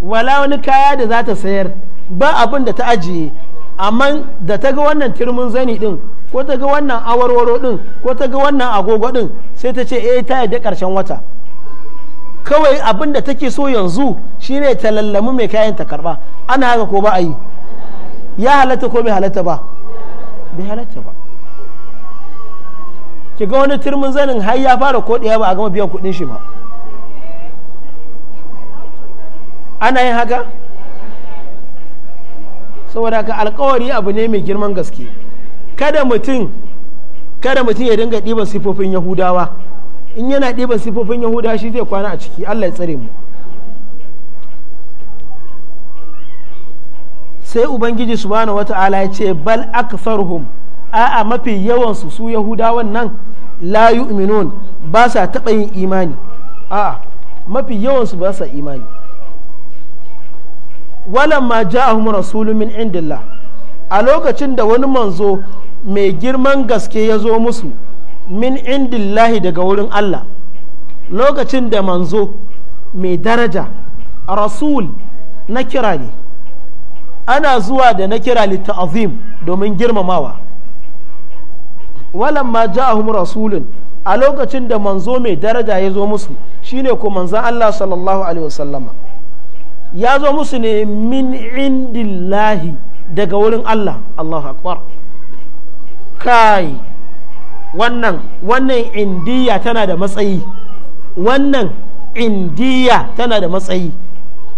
wala wani kaya da za ta sayar ba abin da ta ajiye amma da ta ga wannan turmin zani din ko ta ga wannan awarwaro din ko ta ga wannan agogo din sai ta ce eh ta yadda karshen wata kawai abin da take so yanzu shine ta lallamu mai kayan ta karba ana haka ko ba a yi ya halatta ko bai halatta ba bai halatta ba ki ga wani turmin zanin har ya fara ko ɗaya ba a gama biyan kuɗin shi ba ana yin haka saboda ka alkawari abu ne mai girman gaske kada mutum kada mutum ya dinga ɗiban sifofin yahudawa in yana ɗiban sifofin yahudawa shi zai kwana a ciki allah ya tsare mu sai ubangiji subhanahu wata'ala ya ce bal aktharuhum a'a mafi yawansu su yahudawan nan la yu'minun ba sa taɓa yin imani a'a mafi yawansu ba sa imani walamma ja'ahum rasulun min indillah a lokacin da wani manzo mai girman gaske ya zo musu min indillahi daga wurin Allah lokacin da manzo mai daraja rasul na kira ne ana zuwa da na kira litta'azim domin girmamawa ma ja'ahum rasulun a lokacin da manzo mai daraja ya zo musu shine ko manzan Allah sallallahu alaihi wasallama ya zo musu ne min indillahi daga wurin Allah Allahu akbar kai wannan wannan indiya tana da matsayi wannan indiya tana da matsayi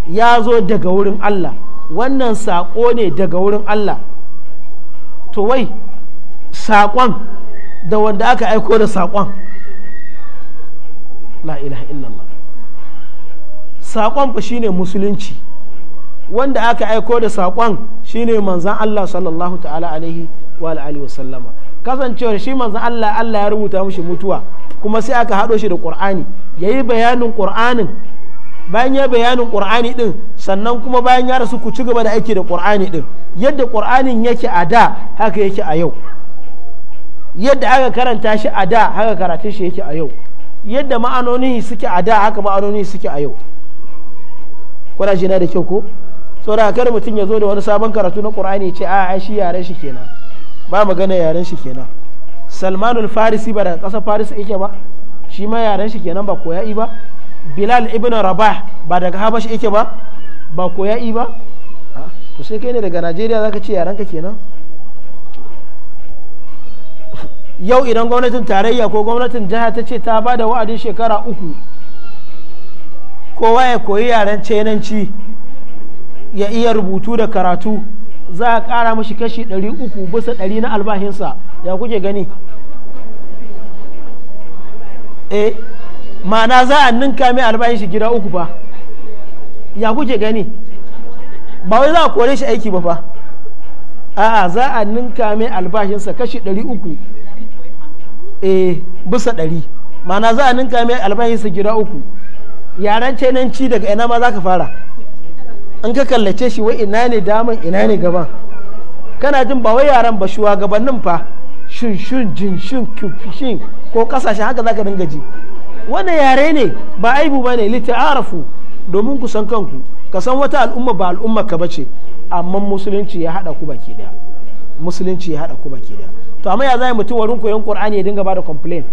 ya zo daga wurin Allah wannan saƙo ne daga wurin Allah to wai saƙon da wanda aka aiko da saƙon la ilaha illallah saƙon fa shine musulunci wanda aka aiko da saƙon shine manzan Allah sallallahu ta'ala alaihi wa alihi wa sallama kasancewar shi manzon Allah Allah ya rubuta mushi mutuwa kuma sai aka haɗo shi da Qur'ani yayi bayanin Qur'anin bayan ya bayanin Qur'ani din sannan kuma bayan ya rasu ku ci gaba da aiki da Qur'ani din yadda Qur'anin yake a da haka yake a yau yadda aka karanta shi a da haka karatun shi yake a yau yadda ma'anoni suke a da haka ma'anoni suke a yau kuna jina da kyau ko saboda kar mutum ya zo da wani sabon karatu na Qur'ani ce a ai shi yare shi kenan ba magana yaren shi kenan salmanul farisi ba daga ƙasar farisi yake ba shi ma yaren shi kenan ba koya'i ba bilal ibn rabah ba daga habashi yake ba ba koya'i ba to sai kai ne daga najeriya zaka ce yarenka kenan yau idan gwamnatin tarayya ko gwamnatin jiha ta ce ta ba da wa'adin shekara uku kowa ya koyi yaren cenanci ya iya rubutu da karatu za a ƙara mashi kashi 300 bisa 100 na albahinsa ya kuke gani eh ma'ana za a ninka mai albahin shi gida uku ba ya kuke gani ba wai za a kore shi aiki ba fa a'a za a ninka mai albahinsa kashi 300 eh bisa 100 ma'ana za a ninka mai albahinsa gida uku yaran ce nan ci daga ina ma za ka fara an ka kallace shi wai ina ne daman ina ne gaban kana jin ba wai yaran ba shugabannin fa shun shun jin shun kyufishin ko kasashe haka zaka dinga ji wanda yare ne ba aibu ba ne domin ku san kanku ka san wata al'umma ba al'umma ka bace amma musulunci ya hada ku baki daya musulunci ya hada ku baki daya to amma ya zai mutum warin koyon qur'ani ya dinga bada complain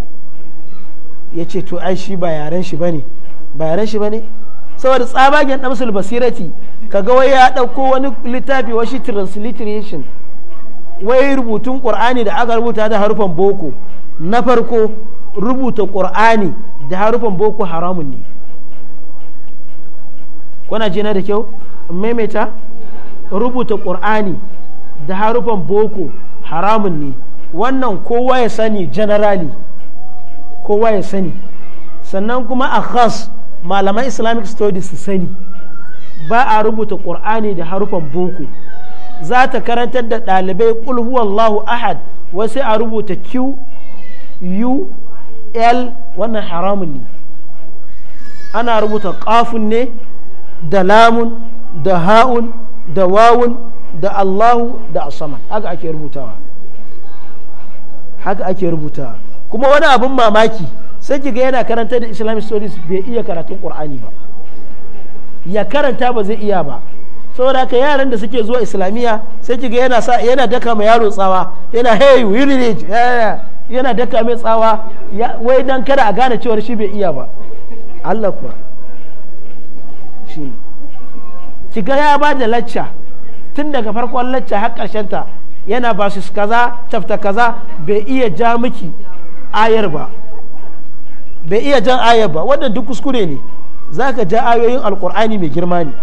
ya ce to ai shi ba yaren shi bane ba yaren shi bane saboda tsabagen damsul basirati kaga wai ya ɗauko wani littafi washi transliteration wai rubutun qur'ani da aka rubuta da harufan boko na farko rubuta qur'ani da harufan boko haramun ne kuna jina da kyau maimaita rubuta ƙur'ani da harufan boko haramun ne wannan kowa ya sani generally kowa ya sani sannan kuma a khas malaman islamic studies su sani ba a rubuta ƙur'ani da harufan boko za ta karantar da ɗalibai ƙulhu wallahu ahad wasu a rubuta q u l wannan haramun ne ana rubuta ƙafun ne da lamun da ha'un da wawun da allahu da asama haka ake rubutawa haka ake rubutawa kuma wani abin mamaki sai ki ga yana karanta da islamic stories bai iya karatun qur'ani ba ya karanta ba zai iya ba saboda haka yaran da suke zuwa islamiyya sai ki yana sa yana daka mai yaro tsawa yana hey village yana daka mai tsawa wai dan kada a gane cewar shi bai iya ba Allah kuwa shi ki ya ba da lacca tun daga farkon lacca har karshen ta yana ba su kaza tafta kaza bai iya ja miki ayar ba bai iya jan ayar ba wannan duk kuskure ne za ka ja ayoyin alkur'ani mai girma ne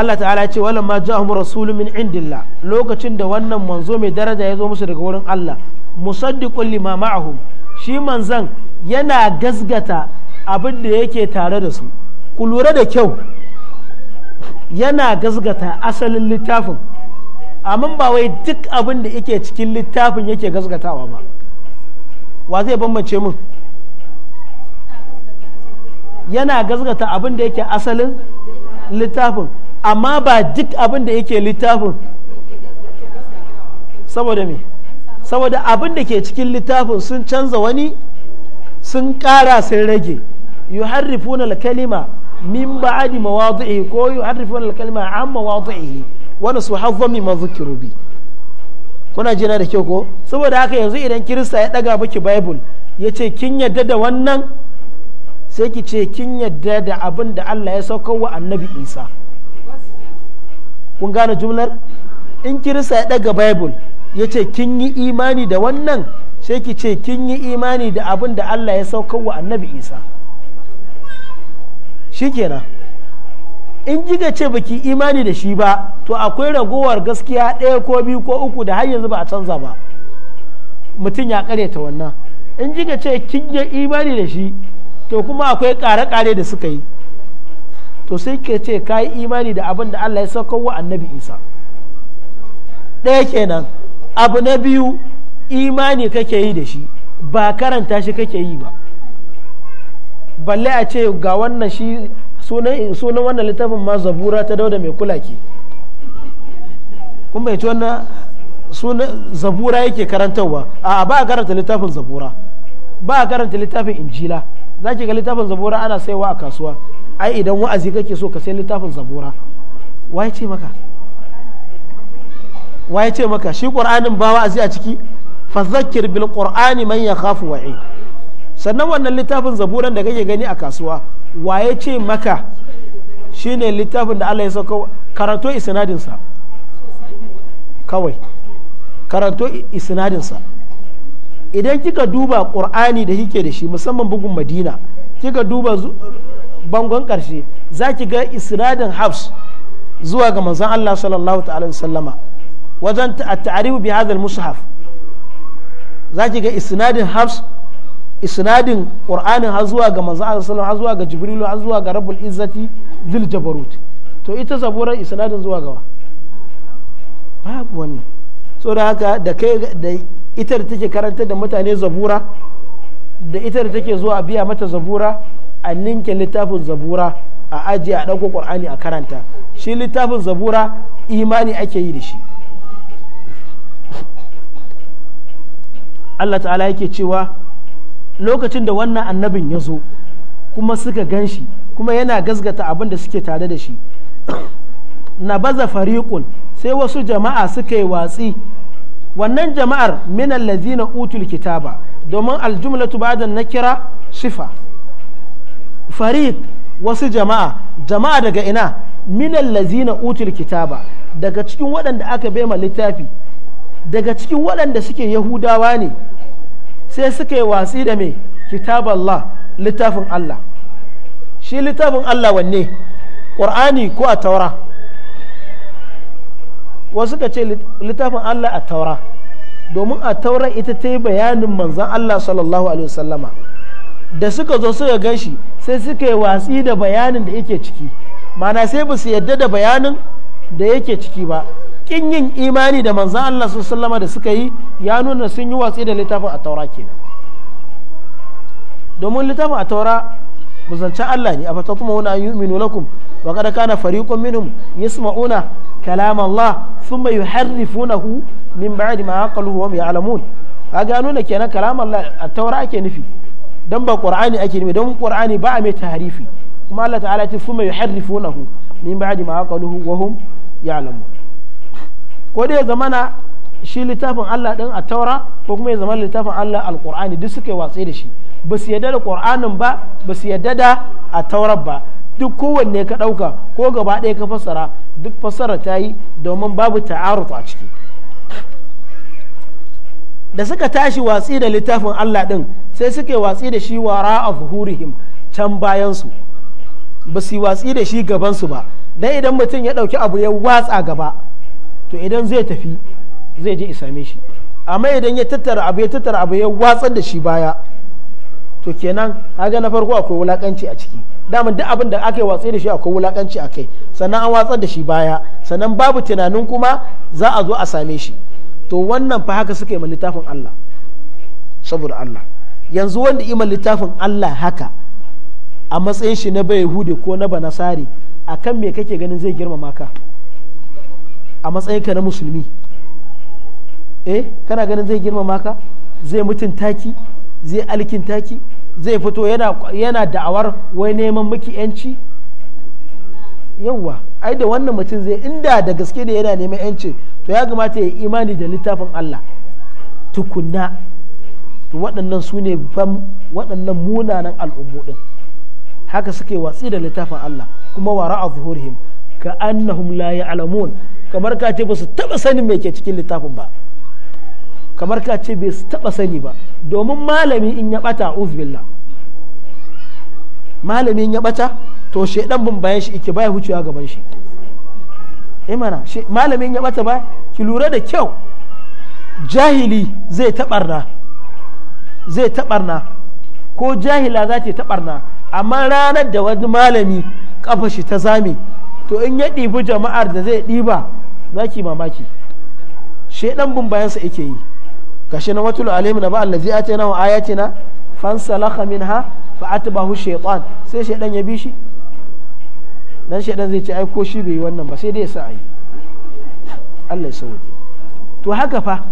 Allah ta'ala ce walan ma ja mu rasulun min indilla lokacin da wannan manzo mai daraja ya zo musu daga wurin Allah musaddiqul lima ma'ahum shi manzan yana gasgata abin da yake tare da su ku lura da kyau yana gasgata asalin littafin amma ba wai duk abin da yake cikin littafin yake gasgatawa ba wa zai bambance mun yana gazgata abin da yake asalin littafin amma ba duk abin da yake littafin saboda me saboda abin da ke cikin littafin sun canza wani sun ƙara sun rage yuharrifuna al-kalima min ba'adi mawadhi'i ko yuharrifuna al-kalima an mawadhi'i wani su hazzami ma dhukiru bi kuna jina da kyau ko saboda haka yanzu idan kirista ya daga baki bible ya ce kin yadda da wannan sai ki ce kin yadda da abin da Allah ya saukar wa annabi isa kun gane jumlar in kirista ya daga bible ya ce kin yi imani da wannan sai ki ce kin yi imani da abin da Allah ya sauka wa annabi isa shi kenan. in giga ce baki imani da shi ba to akwai ragowar gaskiya ɗaya ko biyu ko uku da har yanzu ba a canza ba mutum ya ta wannan in giga ce kin yi imani da shi to kuma akwai ƙare-ƙare da suka yi to sai ke ce ka yi imani da abin da Allah ya saukar wa annabi isa ɗaya kenan abu na biyu imani kake yi da shi ba karanta shi kake yi ba balle a ce ga wannan shi sunan wannan littafin ma zabura ta dauda mai kulaki kun bai wannan sunan zabura yake karantarwa a ba a karanta littafin zabura ba a karanta littafin injila za ki ga littafin zabura ana saiwa a kasuwa ai idan wa'azi kake so ka sai littafin zabura wa ce maka wa ce maka shi qur'anin ba wa'azi a ciki fa zakir bil ƙur'ani man kafu wa'id sannan wannan littafin zaburan da kake gani a kasuwa waye ce maka shine littafin da Allah ya sauka karanto isnadinsa kawai karanto isnadinsa idan kika duba ƙur'ani da kike da shi musamman bugun madina kika duba bangon ƙarshe za ki ga isnadin hafs zuwa ga manzon Allah sallallahu ta'ala sallama wajen ta'arifu bi hadha musu mushaf za ki ga isnadin hafs isnadin qur'anin har zuwa ga manzo Allah sallallahu har zuwa ga jibrilu har zuwa ga rabbul izzati dhil jabarut to ita zabura isnadin zuwa gawa babu wannan da haka da kai da ita da take karanta da mutane zabura da ita da take zuwa biya mata zabura a ninke littafin zabura a ajiye a ɗauko ƙur'ani a karanta shi littafin zabura imani ake yi da shi Allah ta'ala yake cewa lokacin da wannan annabin ya zo kuma suka gan shi kuma yana gasgata abin da suke tare da shi na baza fariƙun sai wasu jama'a suka yi watsi wannan jama'ar minan lazina utul kitaba domin aljumlatu ba'da na kira shifa. fariq wasu jama'a jama'a daga ina minan lazina utul kitaba daga cikin waɗanda aka bema littafi daga cikin waɗanda suke yahudawa ne sai suka yi watsi da mai kitab Allah littafin Allah shi littafin Allah wanne ƙur'ani ko a taura wasu ka ce littafin Allah a taura domin a taura ita ta yi bayanin manzan Allah sallallahu alaihi wasallama da suka zo suka gan sai suka yi watsi da bayanin da yake ciki mana sai ba su yadda da bayanin da yake ciki ba kin yin imani da manzan Allah su sallama da suka yi ya nuna sun yi watsi da littafin a taura kenan domin littafin a taura musancin Allah ne a kuma wani ayu minu lakum wa kada kana fariqun minhum yasma'una kalam Allah thumma yuharrifunahu min ba'di ma aqaluhu wa ya'lamun kaga nuna kenan kalam Allah a taura ake nufi dan ba qur'ani ake nufi dan qur'ani ba a mai tahrifi kuma Allah ta'ala ya ce thumma yuharrifunahu min ba'di ma aqaluhu wa hum ya'lamun ko dai ya na shi littafin Allah din a taura ko kuma ya zama littafin Allah alqur'ani duk suke watsi da shi ba su yadda da qur'anin ba ba su yadda da a taura ba duk kowanne ka dauka ko gaba ɗaya ka fassara duk fassara ta yi domin babu ta'arut a ciki da suka tashi watsi da littafin Allah din sai suke watsi da shi wara a zuhurihim can bayan su ba su watsi da shi gabansu ba dan idan mutum ya dauki abu ya watsa gaba to idan zai tafi zai je isa shi amma idan ya tattara abu ya tattara abu ya watsar da shi baya to kenan haga na farko akwai wulakanci a ciki daman duk abin da aka yi watsi da shi akwai wulakanci a kai sannan an watsar da shi baya sannan babu tunanin kuma za a zo a same shi to wannan fa haka suka yi ma littafin Allah saboda Allah yanzu wanda yi ma littafin Allah haka a matsayin shi na bai hude ko na banasari akan me kake ganin zai girmama ka a matsayinka na musulmi eh kana ganin zai girmama ka zai mutunta ki zai alkinta ki zai fito yana yana da'awar wai neman miki yanci yawa ai da wannan mutum zai inda da gaske ne yana neman yanci to ya kamata ya imani da littafin Allah tukunna to waɗannan su ne waɗannan munanan al'ummu ɗin haka suke watsi da littafin Allah kuma wara a zuhurhim ka annahum la ya'lamun kamar ka ce ba su taba sanin me ke cikin littafin ba kamar ka ce bai su taba sani ba domin malami in ya bata uzbillah malami in ya bata to shedan bin bayan shi ike baya hucewa gaban shi imana eh malami in ya bata ba ki lura da kyau jahili zai tabarna zai tabarna ko jahila za ta tabarna amma ranar da wani malami kafa shi ta zame to in ya ɗibi jama'ar da zai ɗiba za ki mamaki shaidan bin bayansa yake yi gashi na watul alaihim na zai ce na wa lakamin ha minha fa atbahu shaytan sai shaidan ya bi shi dan shaidan zai ce ai ko shi bai yi wannan ba sai dai ya sa ayi Allah ya sauke to haka fa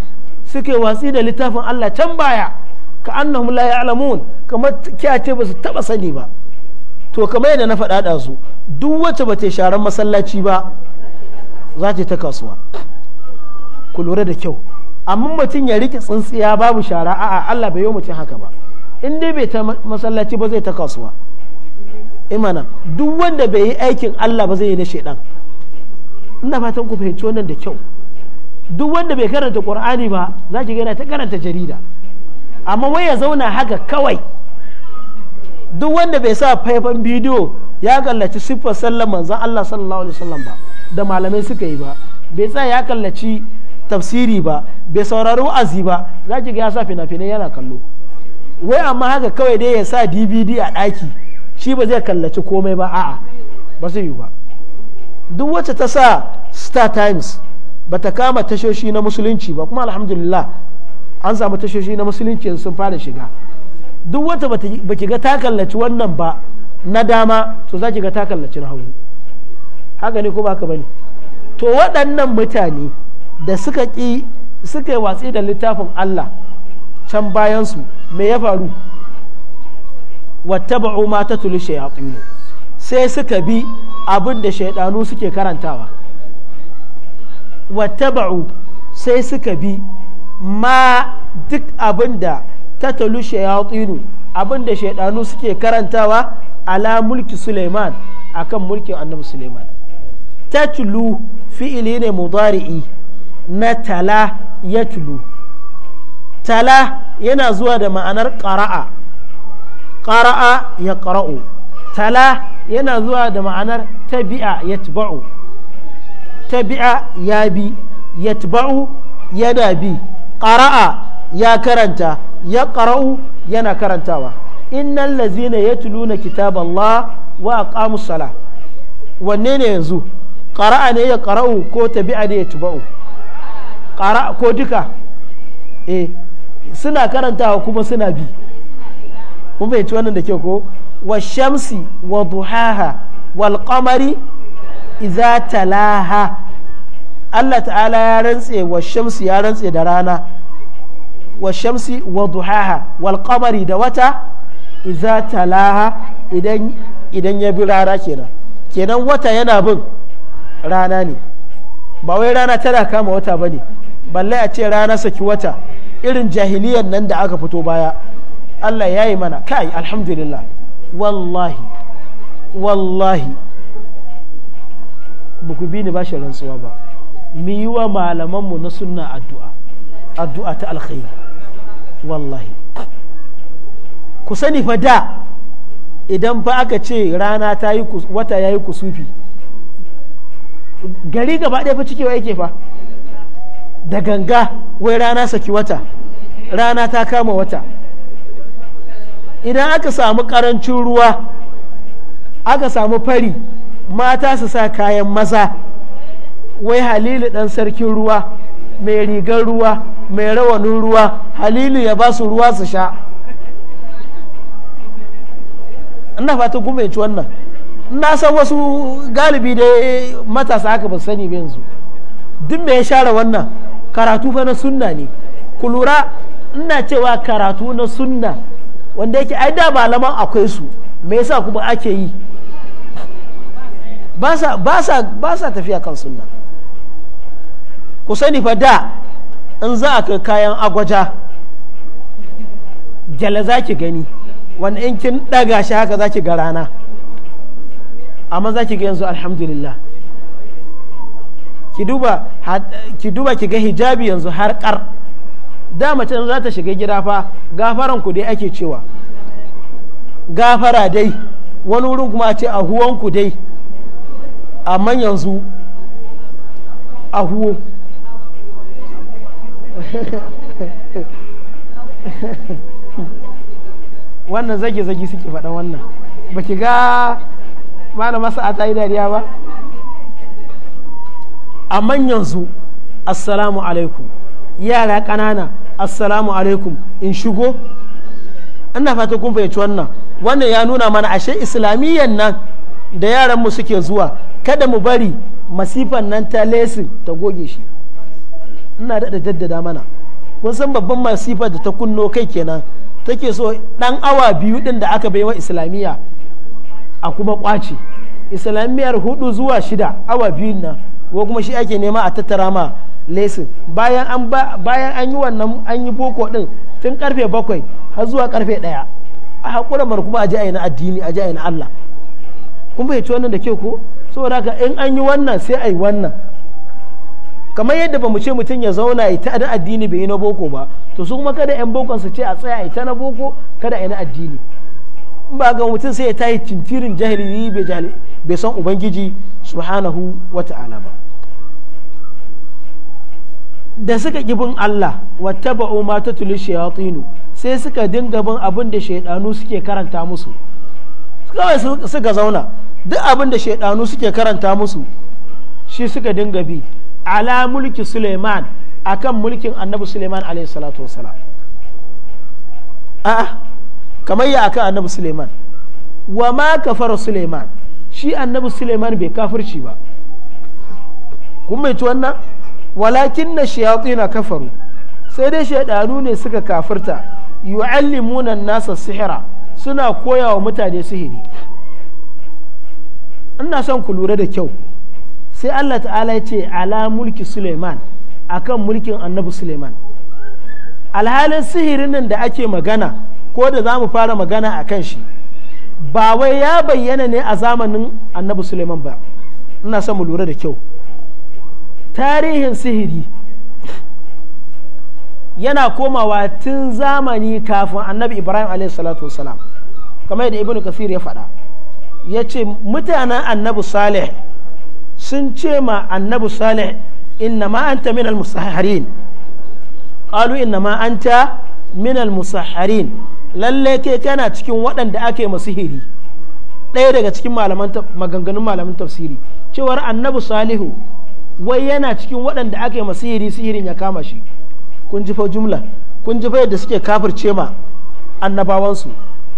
suke watsi da littafin Allah can baya ka annahum la ya'lamun kamar kiyace ba su taba sani ba to kamar yadda na faɗa da su duk wacce ba ta sharan masallaci ba za ta ta kasuwa ku lura da kyau amma mutum ya rike tsintsiya babu shara a'a Allah bai yi mutum haka ba in dai bai ta masallaci ba zai ta kasuwa imana eh duk wanda bai yi aikin Allah ba zai yi na shaidan ina fatan ku fahimci wannan da kyau duk wanda bai karanta qur'ani ba za ki ga yana ta karanta jarida amma wai ya zauna haka kawai duk wanda bai sa faifan bidiyo ya kallaci siffar sallar manzan Allah sallallahu alaihi wasallam ba da malamai suka yi ba bai sa ya kallaci tafsiri ba bai saurari wa'azi ba za ki ga ya sa fina-finai yana kallo wai amma haka kawai dai ya sa dvd a ɗaki shi ba zai kallaci komai ba a'a ba zai yi ba duk wacce ta sa star times ba ta kama tashoshi na musulunci ba kuma alhamdulillah an samu tashoshi na musulunci sun fara shiga duk wata ba ki ga ta kallaci wannan ba na dama to za ki ga ta kallaci na hagu haka ne ko ba ka bane to waɗannan mutane da suka ƙi suka yi watsi da littafin Allah can bayansu me ya faru wattaba'u ma tuli shayatin sai suka bi abin da shaidanu suke karantawa wattaba'u sai suka bi ma duk abin da tatalu shayatinu abin da shaidanu suke karantawa ala mulki suleiman akan mulkin annabi suleiman tatlu fi'ili ne mudari'i na tala ya tulu tala yana zuwa da ma'anar ƙara'a ƙara'a ya ƙara'u tala yana zuwa da ma'anar tabi'a yatba'u tabi'a ya bi ya yatba'u yana bi ƙara'a ya karanta ya ƙarau yana karantawa innan lazina ya na kitaban Allah wa aqamu sala wanne ne yanzu ƙara'a ne ya ƙarau ko tabi'a ne ya tuba'u ƙara ko duka e suna karantawa kuma suna bi mun fahimci wannan da ke ko wa shamsi wa duhaha wal qamari idza talaha Allah ta'ala ya rantse wa shamsi ya rantse da rana washamsi shamsi wa da wata idza talaha idan idan ya bi rana kenan kenan wata yana bin rana ne ba wai rana tana kama wata ba ne balle a ce rana saki wata irin jahiliyan nan da aka fito baya Allah ya yi mana ka alhamdulillah wallahi wallahi ba ku bi ni ba shi rantsuwa ba mu yi wa malamanmu na sunna addu'a addu'a ta alkhairi wallahi ku sani fa da idan fa aka ce rana ta yi wata ya yi kusufi gari gaba ɗaya fa cikewa yake fa da ganga wai rana saki wata rana ta kama wata idan aka samu ƙarancin ruwa aka samu fari mata su sa kayan maza wai halilu ɗan sarkin ruwa mai rigar ruwa mai rawanin ruwa halilu ya ba su ruwa su sha ina fatan kuma ci wannan na san wasu galibi da matasa aka ba sani bin yanzu duk mai share wannan karatu fa na sunna ne ku lura ina cewa karatu na sunna wanda yake ai da malaman akwai su me yasa kuma ake yi ba sa tafiya kan sunna ku sani fa da in za a kai kayan agwaja gyale za ki gani wanda in kin daga shi haka za ki ga rana amma za ki ga yanzu alhamdulillah ki duba ki ga hijabi yanzu har kar da mace za ta shiga gida fa gafaran ku dai ake cewa gafara dai wani wurin kuma a ce ahuwan ku dai amma yanzu ahuwo wannan zage-zage suke faɗa wannan ba ki ga malama sa'a ta yi dariya ba a manyan su assalamu alaikum yara ƙanana assalamu alaikum in shigo ina fata kun fahimci wannan wannan ya nuna mana ashe islamiyyan nan da yaran yaranmu suke zuwa kada mu bari masifan nan ta lesin ta goge shi ina daɗa jaddada mana kun san babban masifa da ta kunno kai kenan take so ɗan awa biyu ɗin da aka baiwa islamiyya a kuma kwace islamiyyar hudu zuwa shida awa biyun nan ko kuma shi ake nema a tattara ma lesin bayan an bayan an yi wannan an yi boko ɗin tun karfe bakwai har zuwa karfe ɗaya a haƙura mar kuma a ji ayi na addini a ji ayi na Allah kun fahimci wannan da ke ko saboda haka in an yi wannan sai a yi wannan kamar yadda ba mu ce mutum ya zauna ya ta addini bai yi na boko ba to su kuma kada 'yan bokon su ce a tsaya ta na boko kada a yi na addini in ba ga mutum sai ya tayi cintirin jahili bai san ubangiji subhanahu wa ta'ala ba da suka ƙi bin Allah wata ba'o ma tuli shayatinu sai suka dinga bin abin da shaidanu suke karanta musu kawai suka zauna duk abin da shaidanu suke karanta musu shi suka dinga bi ala mulki suleiman akan mulkin annabi suleiman alaihi salatu wasala a'a kamar ya akan annabi suleiman wa ma kafara suleiman shi annabi suleiman bai kafirci ba kun mai wannan walakin na na kafaru sai dai shaidanu ne suka kafirta yu'allimuna nasa sihira suna koya wa mutane sihiri ina son ku lura da kyau sai Allah ta'ala ya ce ala mulki Suleiman akan mulkin annabi Suleiman alhalin sihirin nan da ake magana ko da za mu fara magana a kan shi ba wai ya bayyana ne a zamanin annabi Suleiman ba ina son mu lura da kyau tarihin sihiri yana komawa tun zamani kafin annabi ibrahim alaihi salatu wasalam kamar yadda Ibn kasir ya faɗa ya ce mutanen annabi salih sun ce ma annabi salih inna ma anta minal musahharin qalu inna ma anta minal musahharin lalle kai kana cikin waɗanda ake masihiri ɗaya daga cikin maganganun malaman tafsiri cewar annabi salihu wai yana cikin waɗanda ake masihiri sihirin ya kama shi kun ji fa jumla kun ji fa yadda suke kafirce ma annabawansu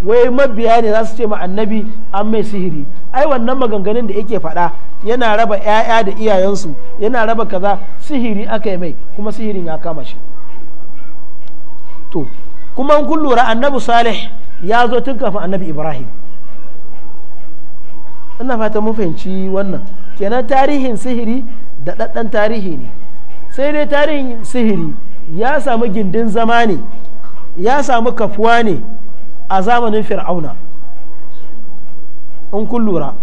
wai mabiya ne za su ce ma annabi an mai sihiri ai wannan maganganun da yake faɗa yana raba 'ya'ya da iyayensu yana raba kaza sihiri aka yi mai kuma sihirin ya kama shi to kuma kun lura annabi salih ya zo tun kafin annabi ibrahim ina fata mun fahimci wannan kenan tarihin sihiri da ɗaɗɗan tarihi ne sai dai tarihin sihiri ya samu gindin zama ne ya samu kafuwa ne a zamanin fir'auna in kun lura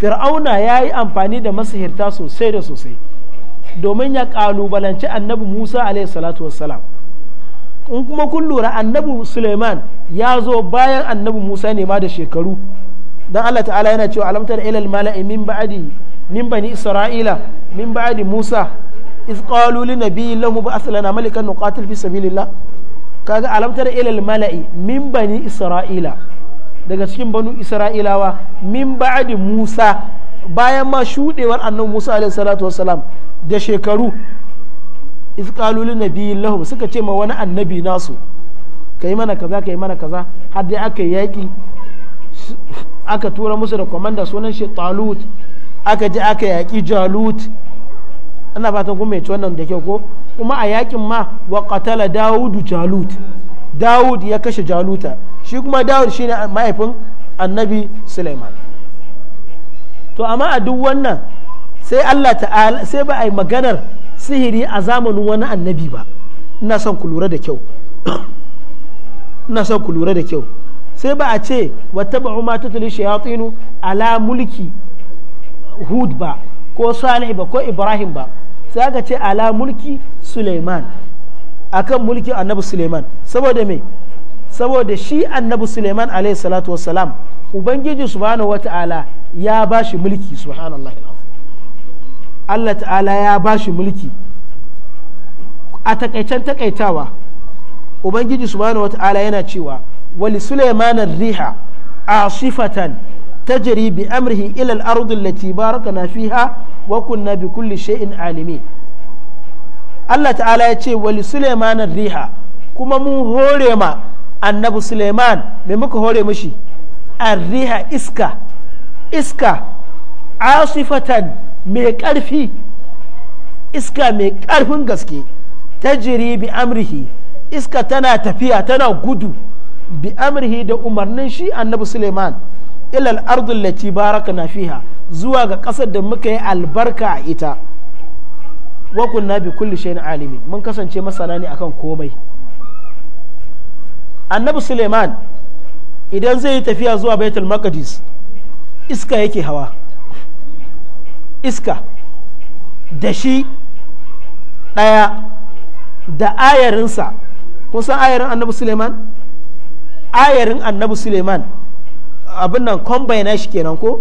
fir'auna ya yi amfani da masahirta sosai da sosai domin ya kalubalanci annabi musa salatu wassalam in kuma kun lura annabi suleiman ya zo bayan annabi musa ne ma da shekaru don allah ta'ala yana cewa alamtar ilal mala'i min ba'adi min bani isra'ila min ba'adi musa iz qalu li nabiyyin lahu ba'ath malikan nuqatil fi sabilillah kaga alamtar ilal mala'i min bani isra'ila daga cikin banu isra'ilawa min ba'adi musa bayan ma shudewar annan musa alaihi salatu wassalam da shekaru lin nabiyyi lahum suka ce ma wani annabi nasu ka mana kaza ka mana kaza har dai aka yaƙi aka tura musu da kwamandan sunan shi talut aka je aka yaki jalut ana fatan kuma ya ci wannan da kyau ko kuma a yakin ma wa qatala dawudu jalut dawud ya kashe jaluta shi kuma dawud shine mahaifin annabi suleiman to amma a duk wannan sai allah ta'ala sai ba a yi maganar sihiri a zamanin wani annabi ba ina son ku lura da kyau ina son ku lura da kyau sai ba a ce wata ba'u ma tutuli shayatinu ala mulki hud ba ko salih ba ko ibrahim ba sai aka ce ala mulki suleiman akan mulki annabi suleiman saboda me saboda shi annabi suleiman alaihi salatu wassalam ubangiji subhanahu wata'ala ya ba shi mulki subhanallah Allah ta'ala ya ba shi mulki a takaicen takaitawa ubangiji subhanahu wata'ala yana cewa wali suleiman riha a sifatan tajri bi amrihi ila al-ardi allati barakna fiha wa kunna bi kulli shay'in alimi Allah ta'ala ya ce wali Suleiman riha kuma mun hore ma annabi Suleiman me muka hore mishi riha iska iska asifatan mai karfi iska mai karfin gaske tajri bi amrihi iska tana tafiya tana gudu bi amrihi da umarnin shi annabi Suleiman ilal ardul lati na fiha zuwa ga ƙasar da muka yi albarka a ita wa kunna bi kulli shay'in alimi mun kasance masana ne akan komai annabi suleiman idan zai yi tafiya zuwa baitul maqdis iska yake hawa iska da shi ɗaya da ayarinsa kun san ayarin annabi suleiman ayarin annabi suleiman abin nan combine shi kenan ko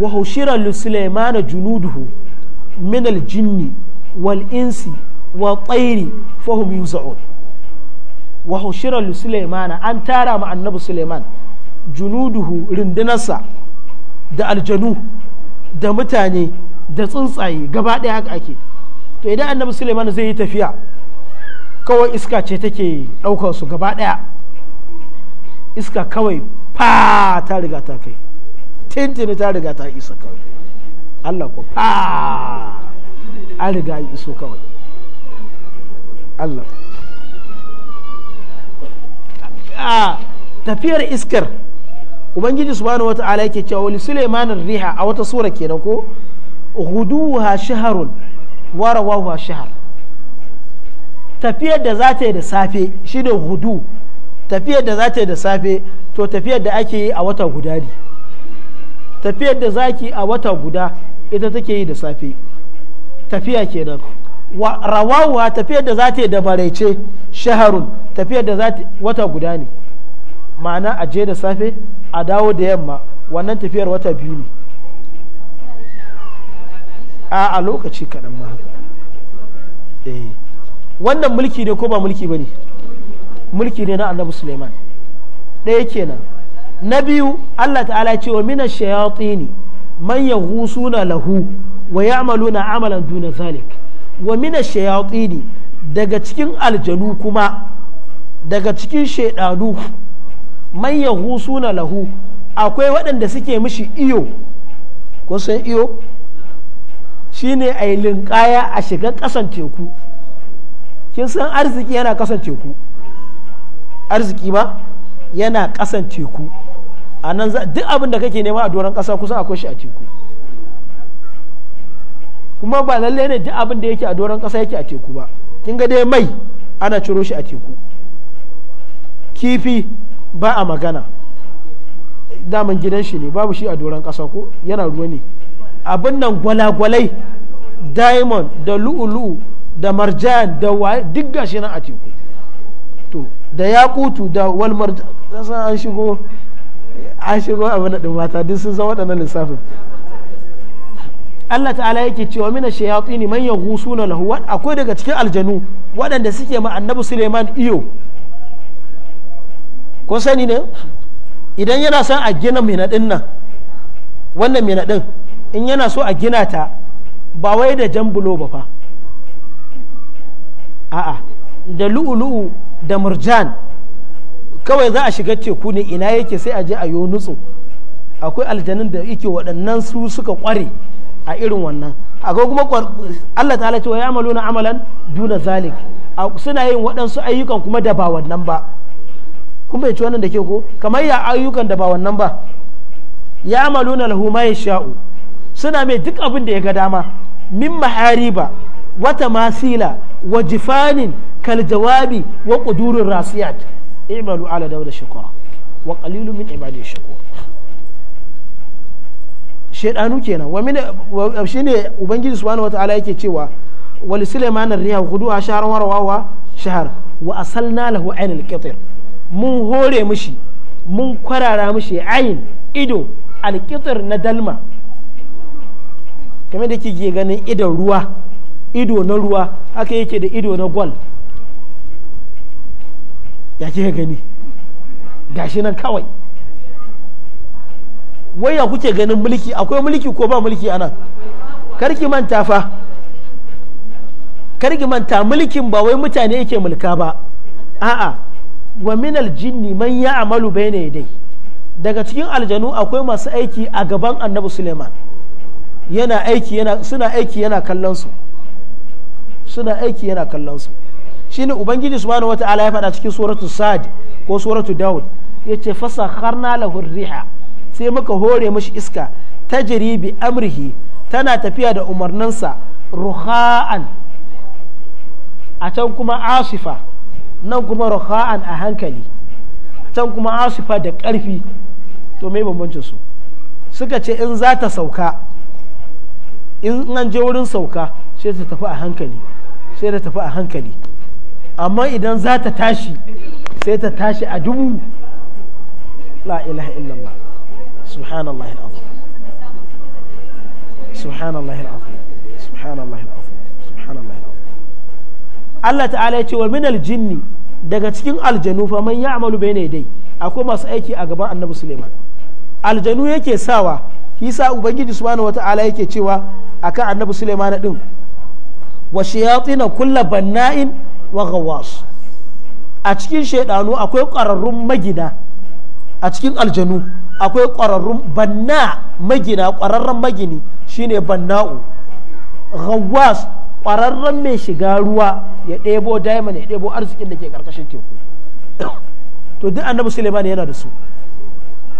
wa hushira li sulaimana junuduhu min aljinni wal insi wa tsairi yi yuza'un wa hushira sulaimana an tara ma annabi suleiman junuduhu rundunarsa da aljanu da mutane da tsuntsaye gaba ɗaya haka ake to idan annabi suleiman zai yi tafiya kawai iska ce take ɗaukar su gaba ɗaya iska kawai fa ta riga ta kai tintini ta riga ta isa kawai Allah ko fa an riga iso kawai Allah a tafiyar iskar ubangiji subhanahu wata'ala yake cewa wani sulaimanin riha a wata sura kenan ko huduwa shaharun warawahu shahar tafiyar da za ta yi da safe shi da hudu tafiyar da za ta yi da safe to tafiyar da ake yi a wata guda ne tafiyar da zaki a wata guda ita take yi da safe tafiya kenan rawawa tafiyar da za ta yi da maraice shaharun tafiyar da za ta wata guda ne ma'ana a je da safe a dawo da yamma wannan tafiyar wata biyu ne a a lokaci kaɗan ma haka eh. wannan mulki ne ko ba mulki ba ne mulki ne na annabi suleiman ɗaya kenan na biyu Allah ta'ala ce wa mina shayatini husu na lahu wa ya'maluna amalan duna zalik wa mina shayatini daga cikin aljanu kuma daga cikin shaidanu husu na lahu akwai waɗanda suke mishi iyo ko san iyo shine a yi linkaya a shiga ƙasan teku kin san arziki yana ƙasan teku arziki ba yana kasan teku a nan duk abin da kake nema a doron kasa kusa akwai shi a teku kuma ba lalle ne duk abin da yake a doron ƙasa yake a teku ba kin ga dai mai ana ciro shi a teku kifi ba a magana daman gidan shi ne babu shi a doron kasa ko yana ruwa ne abin nan gwalagwalai diamond da lu'ulu'u da marjan da waye duk gashi nan a teku to da yakutu da walmar san an shigo an shigo abin da mata duk sun san waɗannan lissafin Allah ta'ala yake cewa mina shayatini man na lahu akwai daga cikin aljanu waɗanda suke ma annabi Suleiman iyo ko sani ne idan yana son a gina minadin nan wannan minadin in yana so a gina ta ba wai da jan bulo ba fa a'a da lu'ulu'u da murjan kawai za a shiga teku ne ina yake sai a je a yo nutsu akwai aljanun da yake waɗannan su suka ƙware a irin wannan akwai kuma Allah ta ce wa ya amaluna amalan duna zalik suna yin waɗansu ayyukan kuma da ba wannan ba kun bai ci wannan da ke ko kamar ya ayyukan da ba wannan ba ya amaluna lahu ma sha'u suna mai duk abin da ya ga dama min mahariba wata masila wa jifanin kal jawabi wa qudurir rasiyat i'malu ala dawud shukura wa qalilu min ibadi shakur shedanu kenan wa min shine ubangiji subhanahu wataala yake cewa wa li sulaiman ar-riyah shahar shahran wa rawaha shahr wa asalna lahu ayn al-qitr mun hore mushi mun kwarara mushi ayin ido alkitar na dalma kamar da kike ganin idon ruwa ido na ruwa haka yake da ido na gwal ya kika gani gashi nan kawai ya kuke ganin mulki akwai mulki ko ba mulki anan karki manta fa karki manta mulkin ba wai mutane yake mulka ba a'a wa minal jinni man ya amalu bayna yadai daga cikin aljanu akwai masu aiki a gaban annabi suleiman yana aiki yana suna aiki yana kallon su suna aiki yana kallon su shine ubangiji subhanahu wata'ala ya faɗa cikin suratu sad ko suratu daud yace ce fasa harna lahur riha sai muka hore mashi iska ta bi amrihi tana tafiya da umarninsa ruha'an a can kuma asifa nan kuma ruha'an a hankali a can kuma asifa da karfi to mai bambancin su suka ce in za ta sauka in an je wurin sauka sai ta tafi a hankali sai ta tafi a hankali amma idan za ta tashi sai ta tashi a dubu la ilaha illallah subhanallah al'azim subhanallah al'azim subhanallah al'azim subhanallah al'azim Allah ta'ala ya ce wa min aljinni daga cikin aljanu fa man ya'malu bayna dai akwai masu aiki a gaban annabi Suleiman aljanu yake sawa yasa ubangiji subhanahu wata'ala yake cewa akan annabi Suleiman din wa tsina kullu banna'in wa gawas a cikin shaidanu akwai kwararrun magina a cikin aljanu akwai ƙwararrun banna magina ƙwararren magini shine banna'u gawas ƙwararren mai shiga ruwa ya ɗebo diamond ya ɗebo arzikin da ke ƙarƙashin teku to duk annabi suleiman yana da su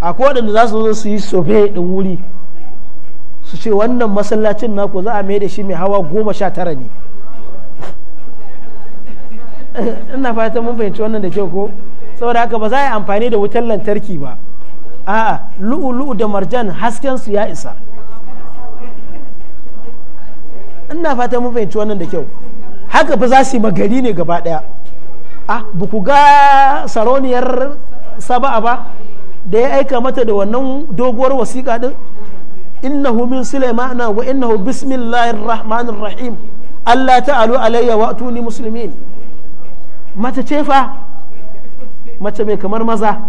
akwai waɗanda za su zo su yi sobe da wuri su ce wannan masallacin naku za a mai da shi mai hawa goma sha tara ne ina fata mun fahimci wannan da kyau ko saboda haka ba za a yi amfani da wutar lantarki ba a'a lu'u-lu'u da marjan hasken su ya isa ina fata mun fahimci wannan da kyau haka ba za su yi magari ne gaba daya ah ba ku ga saroniyar saba'a ba da ya aika mata da wannan doguwar wasiƙa din innahu min sulaimana wa innahu bismillahir rahmanir rahim Allah ta'alu alayya wa atuni muslimin mace ce fa mace mai kamar maza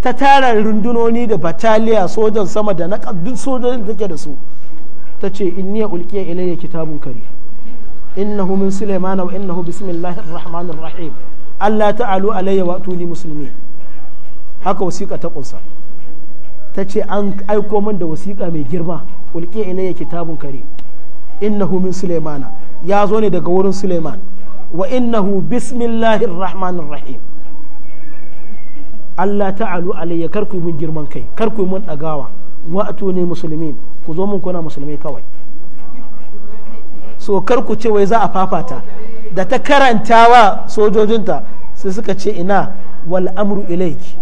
ta tara rundunoni da bataliya sojan sama da na duk sojan da take da su ta ce in inni ulqiya ilayya kitabun kari innahu min sulaiman wa innahu bismillahir rahmanir rahim Allah ta'alu alayya wa tuni musulmi haka wasiƙa ta kunsa ta ce an aiko min da wasiƙa mai girma ulqiya ilayya kitabun kari innahu min sulemana ya zo ne daga wurin sulaiman wa innahu bismillahir rahmanir rahim Allah ta'alu alayya kar ku mun girman kai kar ku mun dagawa wa ne musulmin ku zo mun kuna musulmai kawai so kar ku ce wai za a fafata da ta karanta wa sojojinta sai suka ce ina wal amru ilayki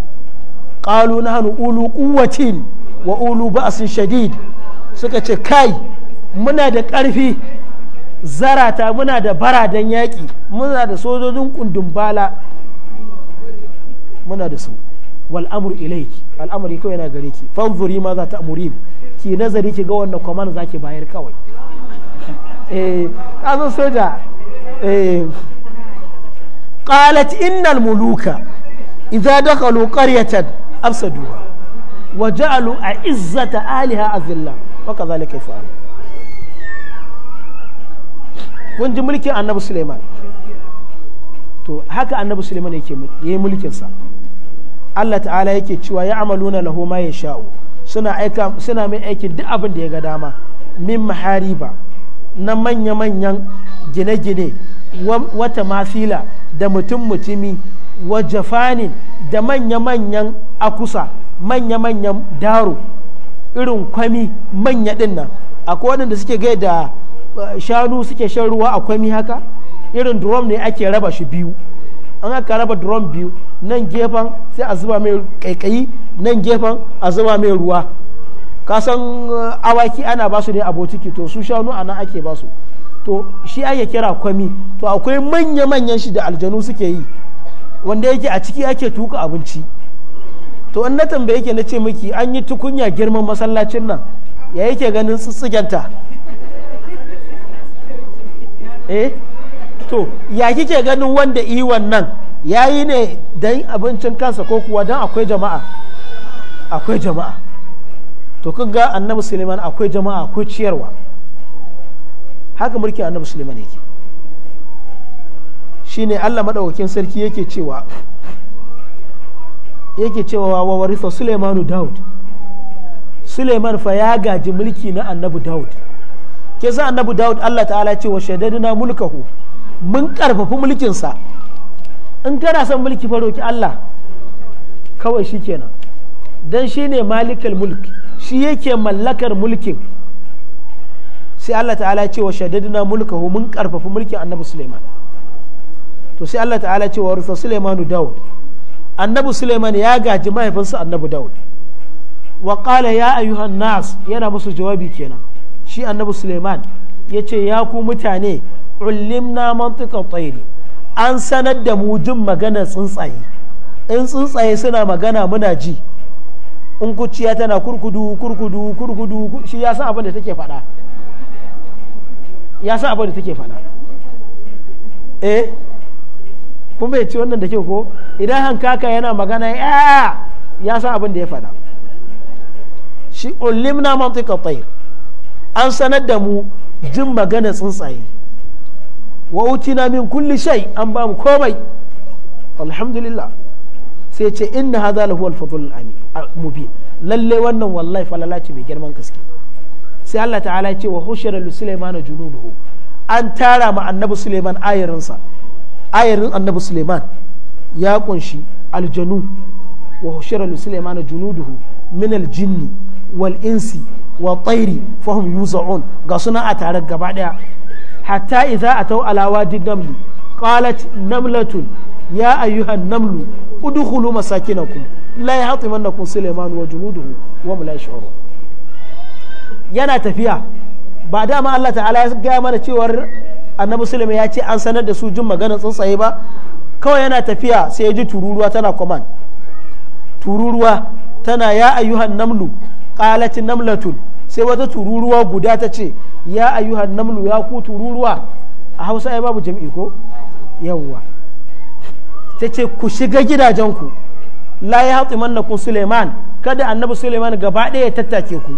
qalu nahnu ulu quwwatin wa ulu ba'sin shadid suka ce kai muna da ƙarfi zarata muna da baradan yaƙi muna da sojojin kundin bala muna da su wal'amur ilaiki al'amari kawai yana gare ki fanzuri ma za ta amuri ki nazari ki ga wannan kwaman za ki bayar kawai eh azan soja eh qalat innal muluka idza dakhalu qaryatan afsaduha wa ja'alu a'izzata aliha azilla wa kadhalika yaf'alun kun ji mulkin annabi suleiman to haka annabi suleiman yake yi mulkinsa allah ta'ala yake cewa ya amaluna lahu ma ya sha'u suna min mai aikin duk abin da ya ga dama min mahariba na manya-manyan gine-gine wata mafila da mutum-mutumi wa jafanin da manya-manyan akusa manya-manyan daro irin kwami manya din nan akwai waɗanda suke gai da shanu suke shan ruwa a kwami haka irin drum ne ake raba shi biyu an aka raba drum biyu nan gefen sai a zuba mai kaikayi nan gefen a zuba mai ruwa kasan uh, awaki ana ba su ne a botiki to su shanu a nan ake ba su to shi ake kira kwami to akwai manya-manyan shi da aljanu suke yi wanda yake a ciki ake tuka abinci to in na tambaye ke na ce miki an yi tukunya girman masallacin nan ya yake ganin tsitsigenta eh to ya kike ganin wanda yi wannan ya yi ne don abincin kansa ko kuwa don akwai jama'a akwai jama'a to kun ga annabi suleiman akwai jama'a akwai ciyarwa haka mulkin annabi suleiman yake shine allah maɗaukakin sarki yake cewa yake cewa wa warisa suleimanu daud suleiman fa ya gaji mulki na annabi daud ke sa annabi Dawud Allah ta'ala ce wa shaddadna mulkahu mun karfafi mulkinsa in kana son mulki fa roki Allah kawai shikenan shi shine malikal mulk shi yake mallakar mulkin sai Allah ta'ala ce wa shaddadna mulkahu mun karfafi mulkin annabi suleiman to sai Allah ta'ala ce wa rufa Sulaimanu Dawud annabi suleiman ya gaji mahaifinsa annabi Dawud wa qala ya ayyuhan nas yana musu jawabi kenan shi annabi suleiman ya ce ya ku mutane ulimna mantukan tsayiri an sanar da mu jin magana tsuntsaye in tsuntsaye suna magana muna ji in kuciya tana kurkudu kurkudu kurkudu shi ya san abin da take fada ya san abin da take fada eh kuma ya ce wannan da ke ko idan hankaka yana magana ya san abin da ya fada shi ulimna mantukan tsayiri an sanar da mu jin magana tsuntsaye wa utina min kulli shay an ba mu komai alhamdulillah sai ce inna hadha lahu al-fadl al-mubin ah, lalle wannan wallahi Falalaci ce mai girman gaske sai Allah ta'ala ce wa hushira li sulaiman junuduhu an tara ma annabi sulaiman ayarinsa ayarin annabi sulaiman ya kunshi aljanu wa hushira li sulaiman junuduhu min aljinni wal insi wa tsairi fahim yuza'un ga suna a tare gaba daya hatta idza atau ala wadi namli qalat namlatun ya ayyuhan namlu udkhulu masakinakum la yahtimannakum sulaiman wa junuduhu wa la yash'urun yana tafiya ba dama Allah ta'ala ya gaya mana cewar annabi sulaiman ya ce an sanar da su jin maganar tsuntsaye ba kawai yana tafiya sai ya ji tururuwa tana command tururuwa tana ya ayyuhan namlu qalatin namlatun sai wata tururuwa guda ta ce ya ayyuhan namlu ya ku tururuwa a hausa ya babu jami'i ko yawwa ta ce ku shiga gidajenku la ya hatsi mannakun suleiman kada annabi suleiman gaba ɗaya ya tattake ku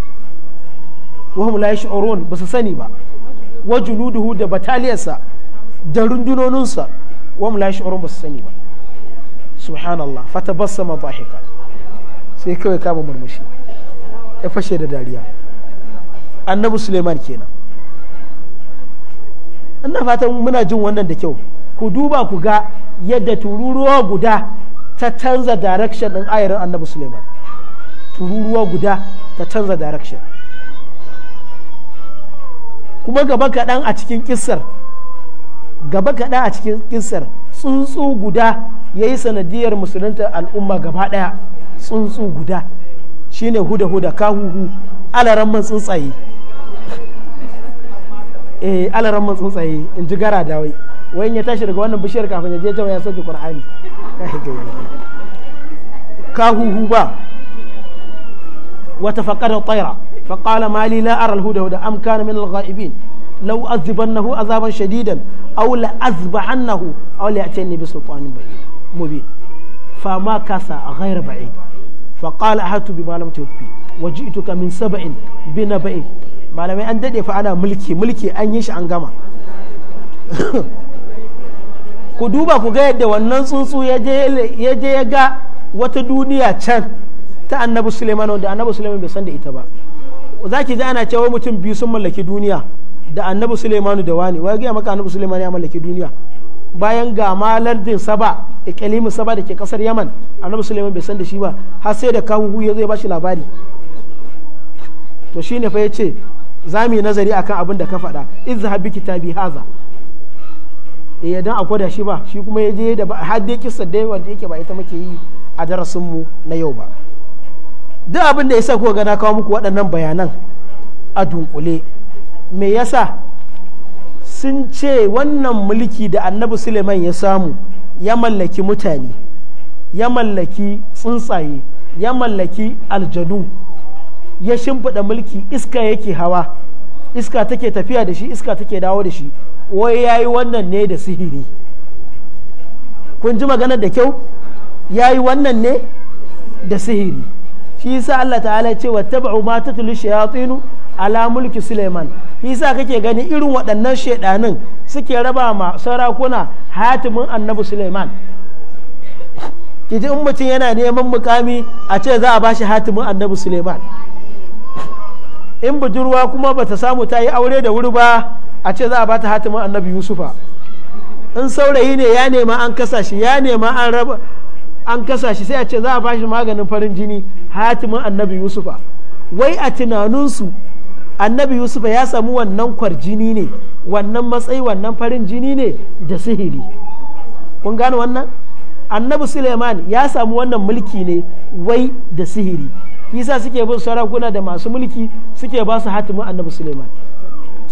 wahum la yash'urun ba su sani ba wa juluduhu da bataliyarsa da rundunoninsa wahum la yash'urun ba su sani ba subhanallah fatabassama dhahika sai kawai kama murmushi ya fashe da dariya annabi suleiman kenan ina fatan muna jin wannan da kyau ku duba ku ga yadda tururuwa guda ta canza direction ɗin ayarin annabi suleiman tururuwa guda ta canza direction kuma gaba kaɗan a cikin kissar gaba kaɗan a cikin kissar tsuntsu guda ya yi sanadiyar musulunta al'umma gaba ɗaya tsuntsu guda shine huda huda kahuhu alaramman tsuntsaye eh alaramman tsuntsaye in ji gara da wai wayan ya tashi daga wannan bishiyar kafin ya je ta ya soke qur'ani kahuhu ba wata faqada tayra فقال ما لي لا أرى الهدى هدى azaban كان من الغائبين لو أذبنه عذابا شديدا أو لأذبحنه أو ليأتيني mubin مبين فما كسى ghayra بعيد فقال أهت بما لم kamin وجئتك من سبع ba'in malamai an dade fa ana mulki mulki an yi shi an gama ku duba ku ga yadda wannan tsuntsu ya je ya ga wata duniya can ta annabi suleiman wanda annabi suleiman bai san da ita ba za ki ji ana cewa mutum biyu sun mallaki duniya da annabi suleiman da wani wai ga maka annabi suleiman ya mallaki duniya bayan ga malardin saba ikalimin saba da ke kasar yaman annabi suleiman bai san da shi ba har sai da kawo ya zai ba shi labari to shi ne fa ce za mu yi nazari akan abin da ka faɗa izhab bi haza e dan a gwada shi ba shi kuma ya je da ba har dai kisa da wanda yake ba ita muke yi a darasin mu na yau ba duk abin da yasa kuka ga na kawo muku waɗannan bayanan a dunkule me yasa sun ce wannan mulki da annabi suleiman ya samu ya mallaki mutane ya mallaki tsuntsaye ya mallaki aljanu ya shimfiɗa mulki iska yake hawa iska take tafiya da shi iska take dawo da shi wai ya yi wannan ne da sihiri kun ji maganar da kyau ya yi wannan ne da sihiri shi sa Allah ta'ala ce wa wattaba'u ma tatlu shayatinu ala mulki Suleiman shi sa kake gani irin waɗannan shaidanin suke raba ma sarakuna hatimin annabi Suleiman kiji in mutum yana neman mukami a ce za a bashi hatimin annabi Suleiman in budurwa kuma bata samu ta yi aure da wuri ba a ce za a bata hatimin annabi Yusufa in saurayi ne ya nema an kasa shi ya nema an raba an kasa shi sai a ce za a bashi maganin farin jini hatimin annabi yusufa wai a tunaninsu annabi yusufa ya samu wannan kwarjini ne wannan matsayi wannan farin jini ne da sihiri kun gane wannan annabi suleiman ya samu wannan mulki ne wai da sihiri kisa suke bin sarakuna da masu mulki suke ba su hatimin annabi suleiman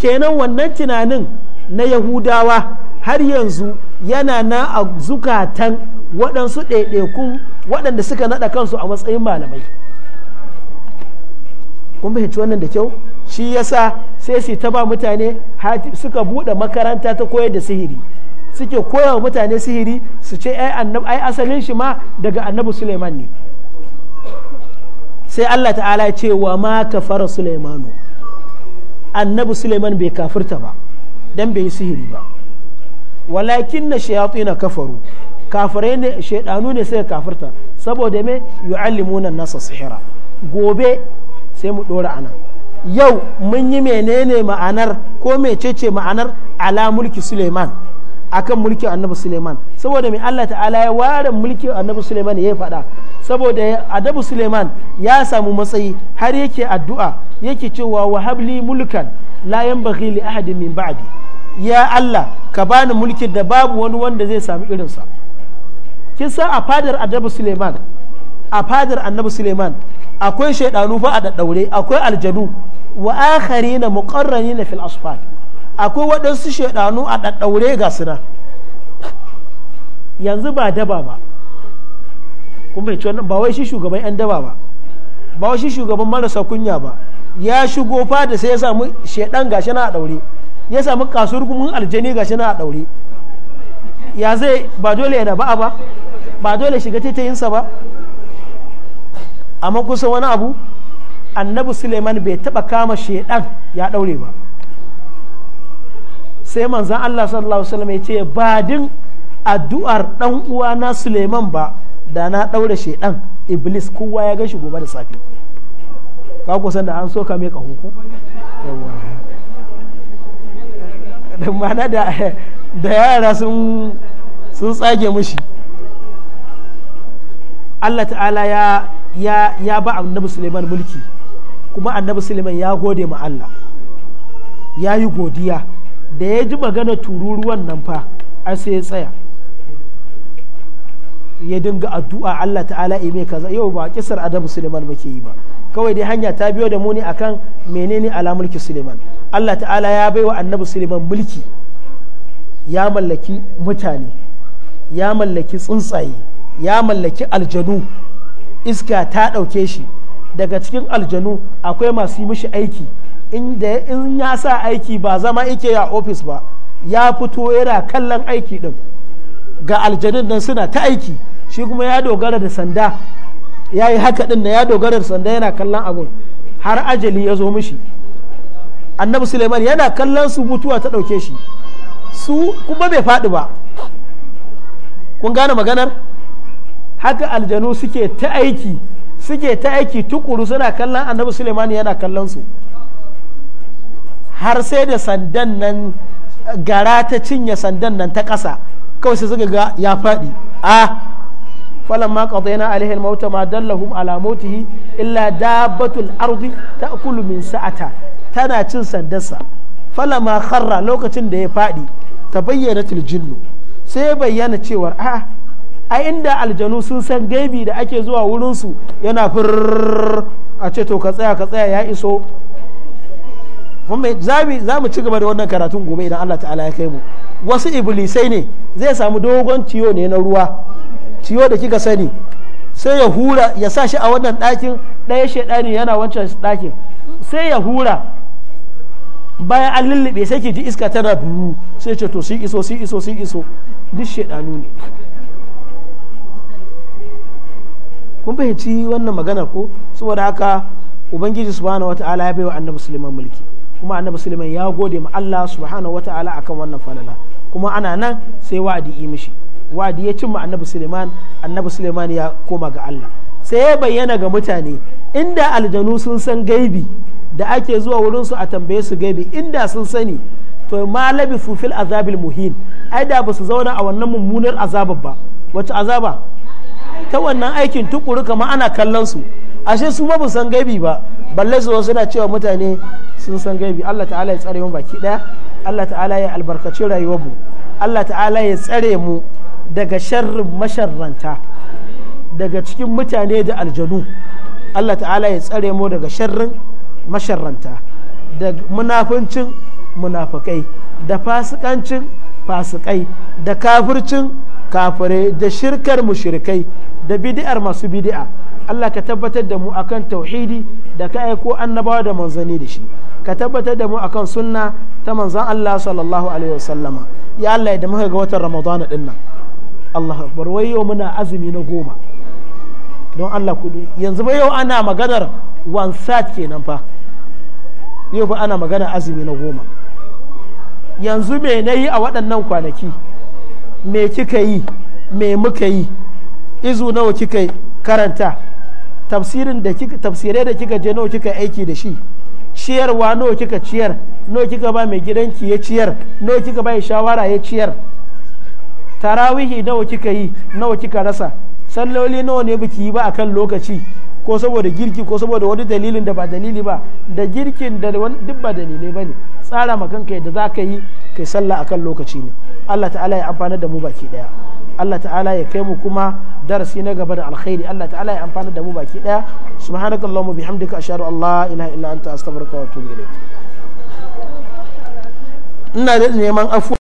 kenan wannan tunanin na yahudawa har yanzu yana na a zukatan waɗansu ɗaiɗaikun waɗanda suka naɗa kansu a matsayin malamai kun fahimci wannan da kyau shi yasa sai su ta ba mutane suka buɗe makaranta ta koyar da sihiri suke koya wa mutane sihiri su ce ai asalin shi ma daga annabi suleiman ne sai allah ta'ala ce wa ma kafara suleimanu annabi suleiman bai kafirta ba don bai yi sihiri ba walakin na shayatu kafaru kafirai ne shaidanu ne sai kafirta saboda me yu'allimuna nasa sihira gobe sai mu dora anan yau mun yi menene ma'anar ko mecece ma'anar ala mulki suleiman akan mulki annabi suleiman saboda me allah ta'ala ya ware mulki annabi suleiman ya faɗa saboda adabu suleiman ya samu matsayi har yake addu'a yake cewa wahabli mulkan la yanbaghi li ahadin min ba'di ya allah ka bani mulki da babu wani wanda zai samu irinsa kin san a fadar annabi suleiman a fadar annabi suleiman akwai shaidanu fa a daddaure akwai aljanu wa akharina muqarranina fil asfal akwai waɗansu shaidanu a daddaure ga suna yanzu ba daba ba kuma bai wannan ba wai shi shugaban yan daba ba ba wai shi shugaban marasa kunya ba ya shigo fada sai ya samu shaidan gashi na a daure ya samu kasurgumin aljani gashi na a daure ya zai ba dole yana ba'a ba ba dole shiga titayinsa ba amma kusa wani abu annabi suleiman bai taba kama shaidan ya daure ba sai manzan allah sallallahu wasallam ya ce ba addu'ar dan uwa na suleiman ba da na daure shaidan iblis kowa ya gashi gobe da safe ka kusan da an so ka mai da yara sun tsage mushi Allah ta'ala ya ya ya ba annabi Suleiman mulki kuma annabi Suleiman ya gode ma Allah ya yi godiya da ya ji magana tururuwan nan fa ai sai ya tsaya ya dinga addu'a Allah ta'ala ya mai kaza yau ba kisar adabu Suleiman muke yi ba kawai dai hanya ta biyo da mu ne akan menene ala mulki Suleiman Allah ta'ala ya bai wa annabi Suleiman mulki ya mallaki mutane ya mallaki tsuntsaye ya mallaki aljanu iska ta ɗauke shi daga cikin aljanu akwai masu yi mishi aiki inda in ya sa aiki ba zama ike a ofis ba ya fito yana kallon aiki ɗin ga aljanun nan suna ta aiki shi kuma ya dogara da sanda ya yi haka ɗin na ya dogara da sanda yana kallon abun har ajali ya zo mishi annabi suleiman yana kallon su mutuwa ta ɗauke shi su kuma bai faɗi ba kun gane maganar haka aljanu suke ta aiki suke ta aiki tukuru suna kallon annabi suleiman yana kallon su har sai da sandan nan gara ta cinye sandan nan ta ƙasa kawai sai suka ga ya faɗi a falan ma qadayna alaihi al-mauta ma dallahum ala mautihi illa dabbatul ardi ta min sa'ata tana cin sandarsa falan ma kharra lokacin da ya faɗi ta bayyana tiljinnu sai bayyana cewar a ah, a inda aljanu sun san gaibi da ake zuwa wurinsu yana fir a ce to ka tsaya ka tsaya ya iso za mu ci gaba da wannan karatun gobe idan Allah ta'ala ya kai mu wasu iblisai ne zai samu dogon ciyo ne na ruwa ciyo da kika sani sai ya hura ya sa shi a wannan ɗakin ɗaya shaidani yana wancan ɗakin sai ya hura bayan an lullube sai ki ji iska tana buru sai ce to sun iso sun iso sun iso duk shaidanu ne kun fahimci wannan magana ko saboda haka ubangiji subhanahu wata'ala ya baiwa annabi suleiman mulki kuma annabi suleiman ya gode ma Allah subhanahu wata'ala akan wannan falala kuma ana nan sai wa'adi yi mishi wa'adi ya cimma annabi suleiman annabi suleiman ya koma ga Allah sai ya bayyana ga mutane inda aljanu sun san gaibi da ake zuwa wurin su a tambaye su gaibi inda sun sani to ma labi fil azabil muhin ai da ba su zauna a wannan mummunar azabar ba wace azaba ta wannan aikin tukuru kama ana kallon su ashe su ba san gabi ba balle su suna cewa mutane sun san gaibi Allah ta'ala ya tsare mu baki daya Allah ta'ala ya albarkaci rayuwar mu Allah ta'ala ya tsare mu daga sharrin masharranta daga cikin mutane da aljanu Allah ta'ala ya tsare mu daga sharrin masharranta da munafincin munafikai da fasikancin fasikai da kafircin kafare da shirkar mushrikai da bidi'ar masu bidi'a. Allah ka tabbatar da mu akan tauhidi da ka aiko annabawa da manzanni da shi ka tabbatar da mu akan sunna ta manzan Allah sallallahu alaihi wasallama ya Allah da muka ga watan Ramadana din nan Allah akbar wai yau muna azumi na goma don Allah ku yanzu ba yau ana maganar wansat kenan fa yau fa ana maganar azumi na goma yanzu me nayi a waɗannan kwanaki me kika yi me muka yi izu nawa kika karanta tafsirin da kika tafsirai da kika je nawa kika aiki da shi ciyarwa nawa kika ciyar nawa kika ba mai gidanki ya ciyar nawa kika ba shawara ya ciyar tarawihi nawa kika yi nawa kika rasa salloli nawa ne biki yi ba akan lokaci ko saboda girki ko saboda wani dalilin da ba dalili ba da girkin da duk ba dalilai ba ne tsara ma kanka yadda za ka yi kai sallah akan lokaci ne Allah ta'ala ya amfana da mu baki daya Allah ta'ala ya kai mu kuma darasi na gaba da alkhairi Allah ta'ala ya amfana da mu baki daya subhanakallahumma bihamdika ashhadu an la ilaha illa anta astaghfiruka wa atubu ilayk ina da neman afuwa